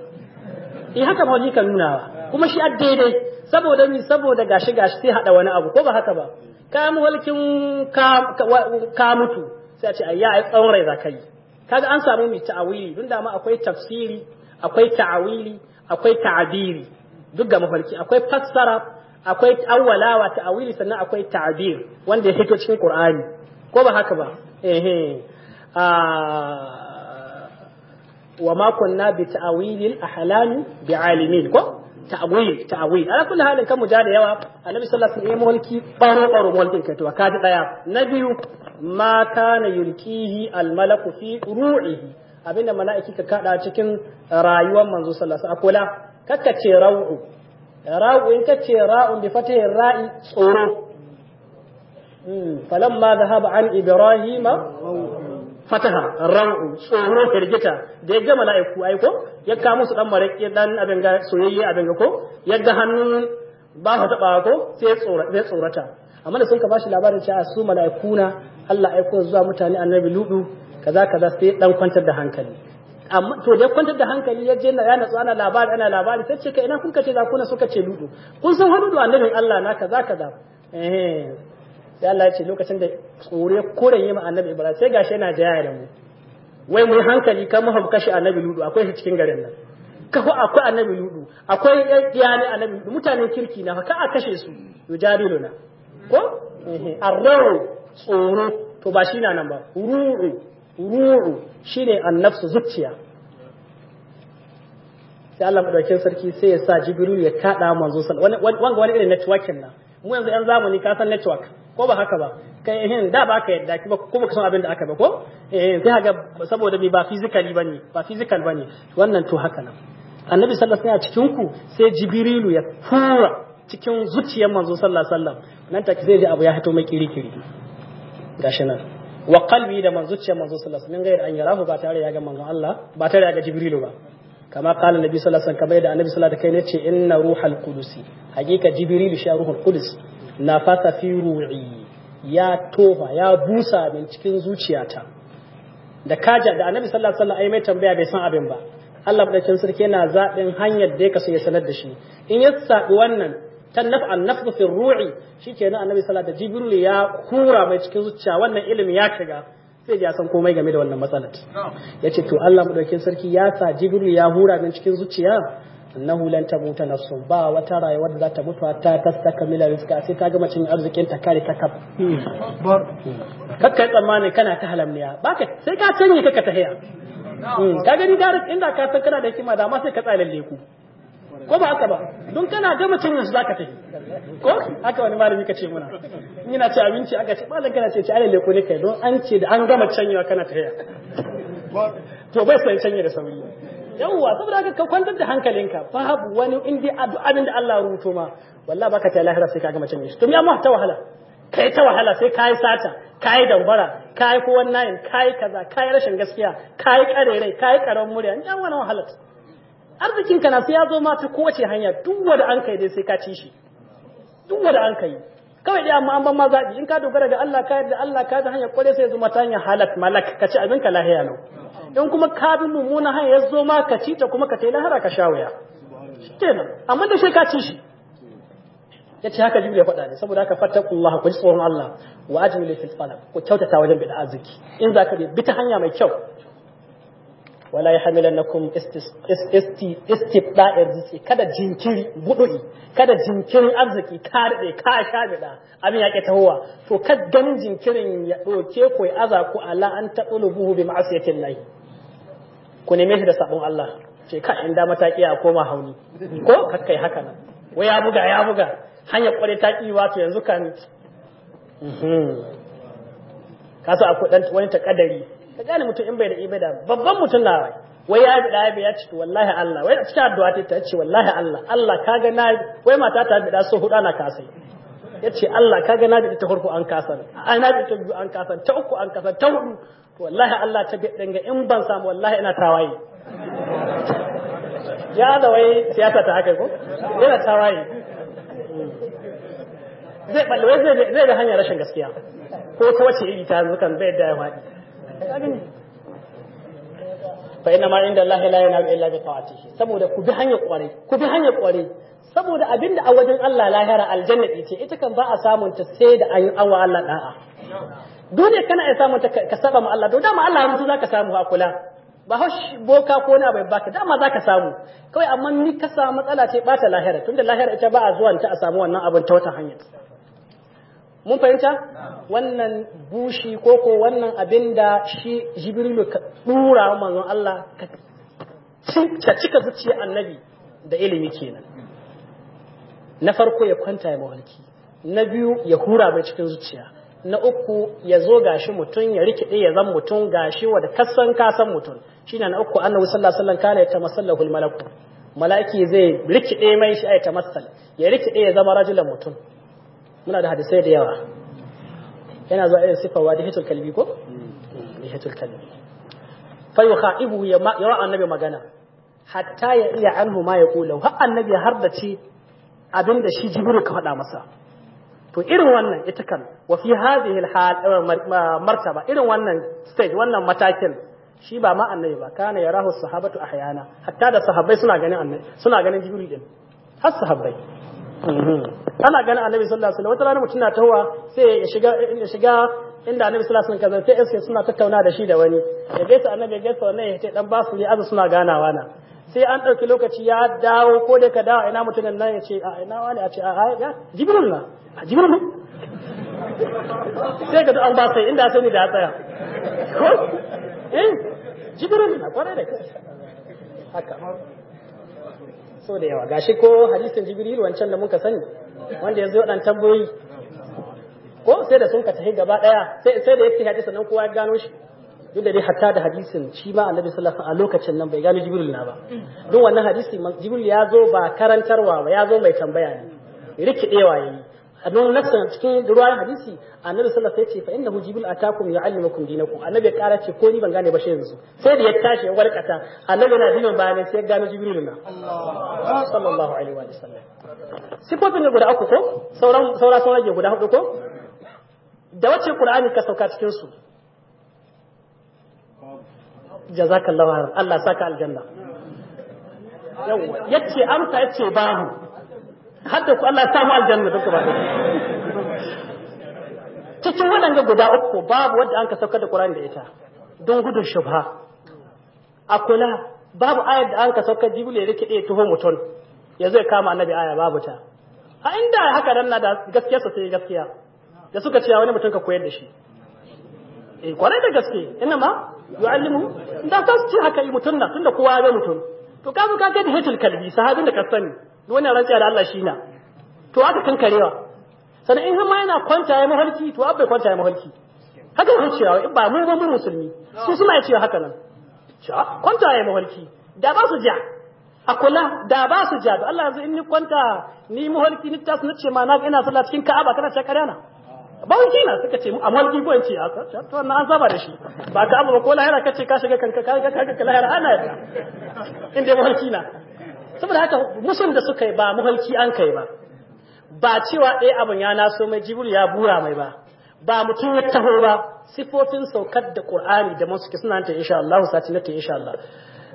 eh haka maulidi ka nuna kuma shi daidai saboda ni saboda gashi gashi sai hada wani abu ko ba haka ba ka mulkin ka mutu sai a ce ayya ai tsawon rai ka yi kaga an samu mai ta'awili dun da ma akwai tafsiri akwai ta'awili akwai ta'abiri duk ga mafarki akwai fassara akwai wa ta'awili sannan akwai ta'bir wanda ya fito cikin Qur'ani ko ba haka ba eh wa ma kunna bi ta'awilil ahlam bi alimin ko ta'wil ta'wil ala kulli halin kan mujada yawa annabi sallallahu alaihi wasallam mulki baro baro mulkin kai to ka ji daya na biyu ma kana yulkihi al malaku fi ru'ihi abinda mala'iki ka kada cikin rayuwar manzo sallallahu alaihi wasallam kakka ce ra'u ra'u in kace ra'un bi fatih ra'i tsoro hmm, falamma dhahaba an ibrahima fataha ra'u tsoro firgita da ya ga mala'iku ai ko ya ka musu dan mareke dan abin ga soyayye abin ga ko ya ga hannun ba ta taba ko sai tsora sai tsorata amma da sun ka bashi labarin cewa su mala'ikuna na Allah aiko zuwa mutane annabi ludu kaza kaza sai dan kwantar da hankali amma to da kwantar da hankali ya je ya natsu ana labari ana labari sai ce ka ina kun kace za kuna suka ce ludu kun san da annabin Allah na kaza kaza eh sai Allah ya ce lokacin da tsore koren yi annabi Ibrahim sai gashi yana jaya da mu wai mu hankali kan mu kashi annabi ludu akwai shi cikin garin nan ko akwai annabi ludu akwai yani annabi ludu mutanen kirki na ka a kashe su yujadiluna ko eh, eh, arrawu tsoro to ba shi na nan ba ruru ruru Shi ne annafsu zuciya sai Allah madaukakin sarki sai ya sa Jibiru ya kaɗa manzo wani wanga wani irin networking na mu yanzu yan zamani ka san network ko ba haka ba kai hin eh, da ba ka yadda ki ba kuma san abin da aka ba ko eh, eh sai haka saboda bi ba physically bane ba physical bane wannan to haka nan annabi sallallahu alaihi wasallam a cikin ku sai jibrilu ya fura cikin zuciyar manzo sallallahu alaihi wasallam nan take zai ji abu ya hito mai kiri kiri gashi nan wa kalbi da manzo ce manzo sallallahu alaihi wasallam an yarahu ba tare ya ga manzo Allah ba tare ya ga jibrilu ba kama qala nabi sallallahu alaihi wasallam kamar da annabi sallallahu alaihi wasallam ce inna ruhal qudus hakika jibril shi ruhul qudus na fasa fi ru'i ya tofa ya busa min cikin zuciyata da kaja da annabi sallallahu alaihi wasallam ai mai tambaya bai san abin ba Allah madaukakin sarki yana zaɓin hanyar da ya kasu ya sanar da shi in ya saɓi wannan kan naf an nafsu fi ru'i shikenan annabi sallallahu alaihi jibril ya kura mai cikin zuciya wannan ilimi ya shiga sai ya san komai game da wannan matsalar yace to Allah madaukakin sarki ya sa jibril ya hura mai cikin zuciya annahu lan tamuta nafsu ba wata rayuwar da za ta mutu ta tastakamila rizqa sai ta gama cin arzikin ta kare ta kaf kakkai tsammani kana ta halamniya baka sai ka sanya kaka ta haya hmm, ka gani da inda ka san kana da hikima da ma sai ka tsalalle ku ko ba haka ba don kana gama cin yanzu zaka tafi ko haka wani malami ka ce muna ina ce abinci aka ce malam kana ce ci alai ko ne kai don an ce da an gama canyewa kana tafiya to bai san canye da sauri yawwa saboda haka ka kwantar da hankalinka babu wani in dai abin da Allah ruto ma wallahi baka ta lahira sai ka gama canye shi to me amma ta wahala kai ta wahala sai kai sata kai dambara kai ko wannan kai kaza kai rashin gaskiya kai karerai kai karan murya yan wani wahala. arzikin ka na sai ya zo ma ta kowace hanya duk wanda an kai dai sai ka ci shi duk wanda an kai kawai dai amma an ban ma zabi in ka dogara ga Allah ka yarda Allah ka da hanya kware sai ya zo ma ta hanya halat malak ka ci abin ka lahiya lau in kuma ka bi mummuna hanya ya zo ma ka ci ta kuma ka tai lahara ka sha waya kenan amma da sai ka ci shi ya ce haka jibril ya faɗa ne saboda haka fattakullah ku ji tsoron Allah wa ajmilu fil talab ku kyautata wajen bid'a arziki in zaka bi ta hanya mai kyau wala ya hamilan na kun istibda arziki kada jinkiri buɗuɗi kada jinkirin arziki ka daɗe ka sha biɗa abin ya ƙi tahowa to kad ganin jinkirin ya ɗauke ko ya aza ku ala an taɓa lubuhu bi ma'asiyatin lahi ku neme shi da sabon Allah ce ka inda mataki a koma hauni ko kakkai haka nan wai ya buga ya buga hanyar ƙware ta ƙi wato yanzu kan uhm. kasu akwai wani takadari ka gane mutum in bai da ibada babban mutum na wai wai ya bi ya bi ya ce wallahi Allah wai a cikin addu'a ta ce wallahi Allah Allah ka ga na wai mata ta bi da so huda na kasai yace Allah ka ga na bi ta farko an kasan ai na bi ta biyu an kasan ta uku an kasan ta hudu to wallahi Allah ta bi danga in ban samu wallahi ina tawaye ya da wai siyasa ta haka ko yana tawaye zai balle zai zai da hanyar rashin gaskiya ko ta wace iri ta zukan bai da yawa fa inna ma inda Allah la yanalu illa bi ta'atihi saboda ku bi hanyar kwarai ku bi hanyar kwarai saboda abinda a wajen Allah lahira aljanna ce ita kan ba a samun ta sai da yi awa Allah da'a dole kana iya samun ta ka saba ma Allah to dama Allah za ka samu a kula ba hosh boka ko na bai baka dama ka samu kawai amma ni ka samu matsala ce ba ta lahira tunda lahira ita ba a zuwan ta a samu wannan abin ta wata hanyar mun fahimta wannan bushi ko ko wannan abin da shi jibrilu ka dura manzon Allah ka cika zuciya annabi da ilimi kenan na farko ya kwanta ya mawarki na biyu ya hura mai cikin zuciya na uku ya zo gashi mutum ya rikide ya zan mutum gashi da kasan kasan mutum shine na uku annabi sallallahu alaihi wasallam kana ya tamassalahu malaku malaki zai rikide mai shi ay tamassal ya rikide ya zama rajulan mutum muna da hadisai da yawa yana zuwa irin siffar wadihatul kalbi ko wadihatul kalbi fa yukhaibu ya ma wa annabi magana hatta ya iya anhu ma ya kula har annabi har da ci abin da shi jibril ka faɗa masa to irin wannan ita kan wa fi hadhihi al eh, martaba irin wannan stage wannan matakin shi ba ma annabi ba kana yarahu sahabatu ahyana hatta da sahabbai suna ganin annabi suna ganin jibril din har sahabbai ana ganin annabi sallallahu alaihi wasallam wata rana mutum na tawa sai ya shiga ya shiga inda annabi sallallahu alaihi wasallam kaza sai suna tattauna da shi da wani ya gaisa annabi ya gaisa wannan ya ce dan basu ne azu suna ganawa na sai an ɗauki lokaci ya dawo ko da ka dawo ina mutumin nan ya ce a ina wani a ce a ya jibril na a jibril ne sai ka an ba sai inda sai ni da tsaya ko eh jibril na kwarai da haka so da yawa gashi ko hadisin jibril wancan da muka sani wanda ya zo dan tambayoyi ko sai da sun ka tahi gaba daya sai sai da yake hadisin nan kowa ya gano shi duk da dai hatta da hadisin shi ma annabi sallallahu alaihi a lokacin nan bai gano jibril na ba duk wannan hadisi jibril ya zo ba karantarwa ba ya zo mai tambaya ne rikidewa yayi abin nasa cikin ruwan hadisi annabi sallallahu alaihi wasallam ya ce fa innahu jibril atakum ya'allimukum dinakum annabi ya ce ko ni ban gane ba shi yanzu sai da ya tashi ya warkata annabi na dinan bayan sai ya gano jibril na sallallahu alaihi wa sallam sifofin ne guda uku ko sauran saura sun rage guda hudu ko da wace qur'ani ka sauka cikin su jazakallahu khairan Allah saka aljanna yawa yace amsa yace babu hadda ku Allah ya samu aljanna duka ba cikin waɗanda guda uku babu wadda an ka saukar da Qur'ani da ita don gudun shubha a kula babu ayar da an ka saukar Jibril ya rikide tuho mutum ya zai kama annabi aya babu ta a inda haka nan na da gaskiya sai gaskiya da suka ce wani mutum ka koyar da shi eh kwarai da gaske ina ma yu'allimu da ta ce haka yi mutum na tunda kowa ya ga mutum to ka zo ka ga da hatul kalbi sahabin da ka sani wannan rantsiya da Allah shi na to aka kankarewa sannan in har ma yana kwanta ya mahalci to abba kwanta ya mahalci haka ya cewa in ba mu ba musulmi su suna cewa haka nan ah, kwanta ya mahalci da ba su ja a kula da ba su ja Allah yanzu in ni kwanta ni mahalci ni tasu na ce ma na ina sallah cikin Ka'aba kana na? Ba bauki na suka ce a mulki ko ce ah, a, to na an saba da shi ba ka abu ba ko lahira kace ka shiga kanka ka ga ka lahira ana inda mulki na saboda haka musun da suka yi ba muhalki an kai ba ba cewa ɗaya abin ya naso mai jibril ya bura mai ba ba mutum ya taho ba sifofin saukar da qur'ani da masu ke suna ta insha Allah sati na ta insha Allah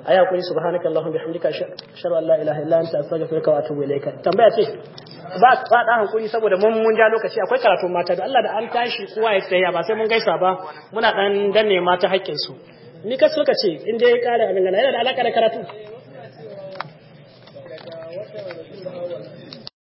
ayi hakuri subhanaka allahumma bihamdika ashhadu an la ilaha illa anta astaghfiruka wa atubu ilayka tambaya ce ba ba dan hakuri saboda mun mun ja lokaci akwai karatu mata da Allah da an tashi kowa ya tsaya ba sai mun gaisa ba muna dan danne mata haƙƙin su ni ka so ka ce in dai ya kare yana da alaƙa da karatu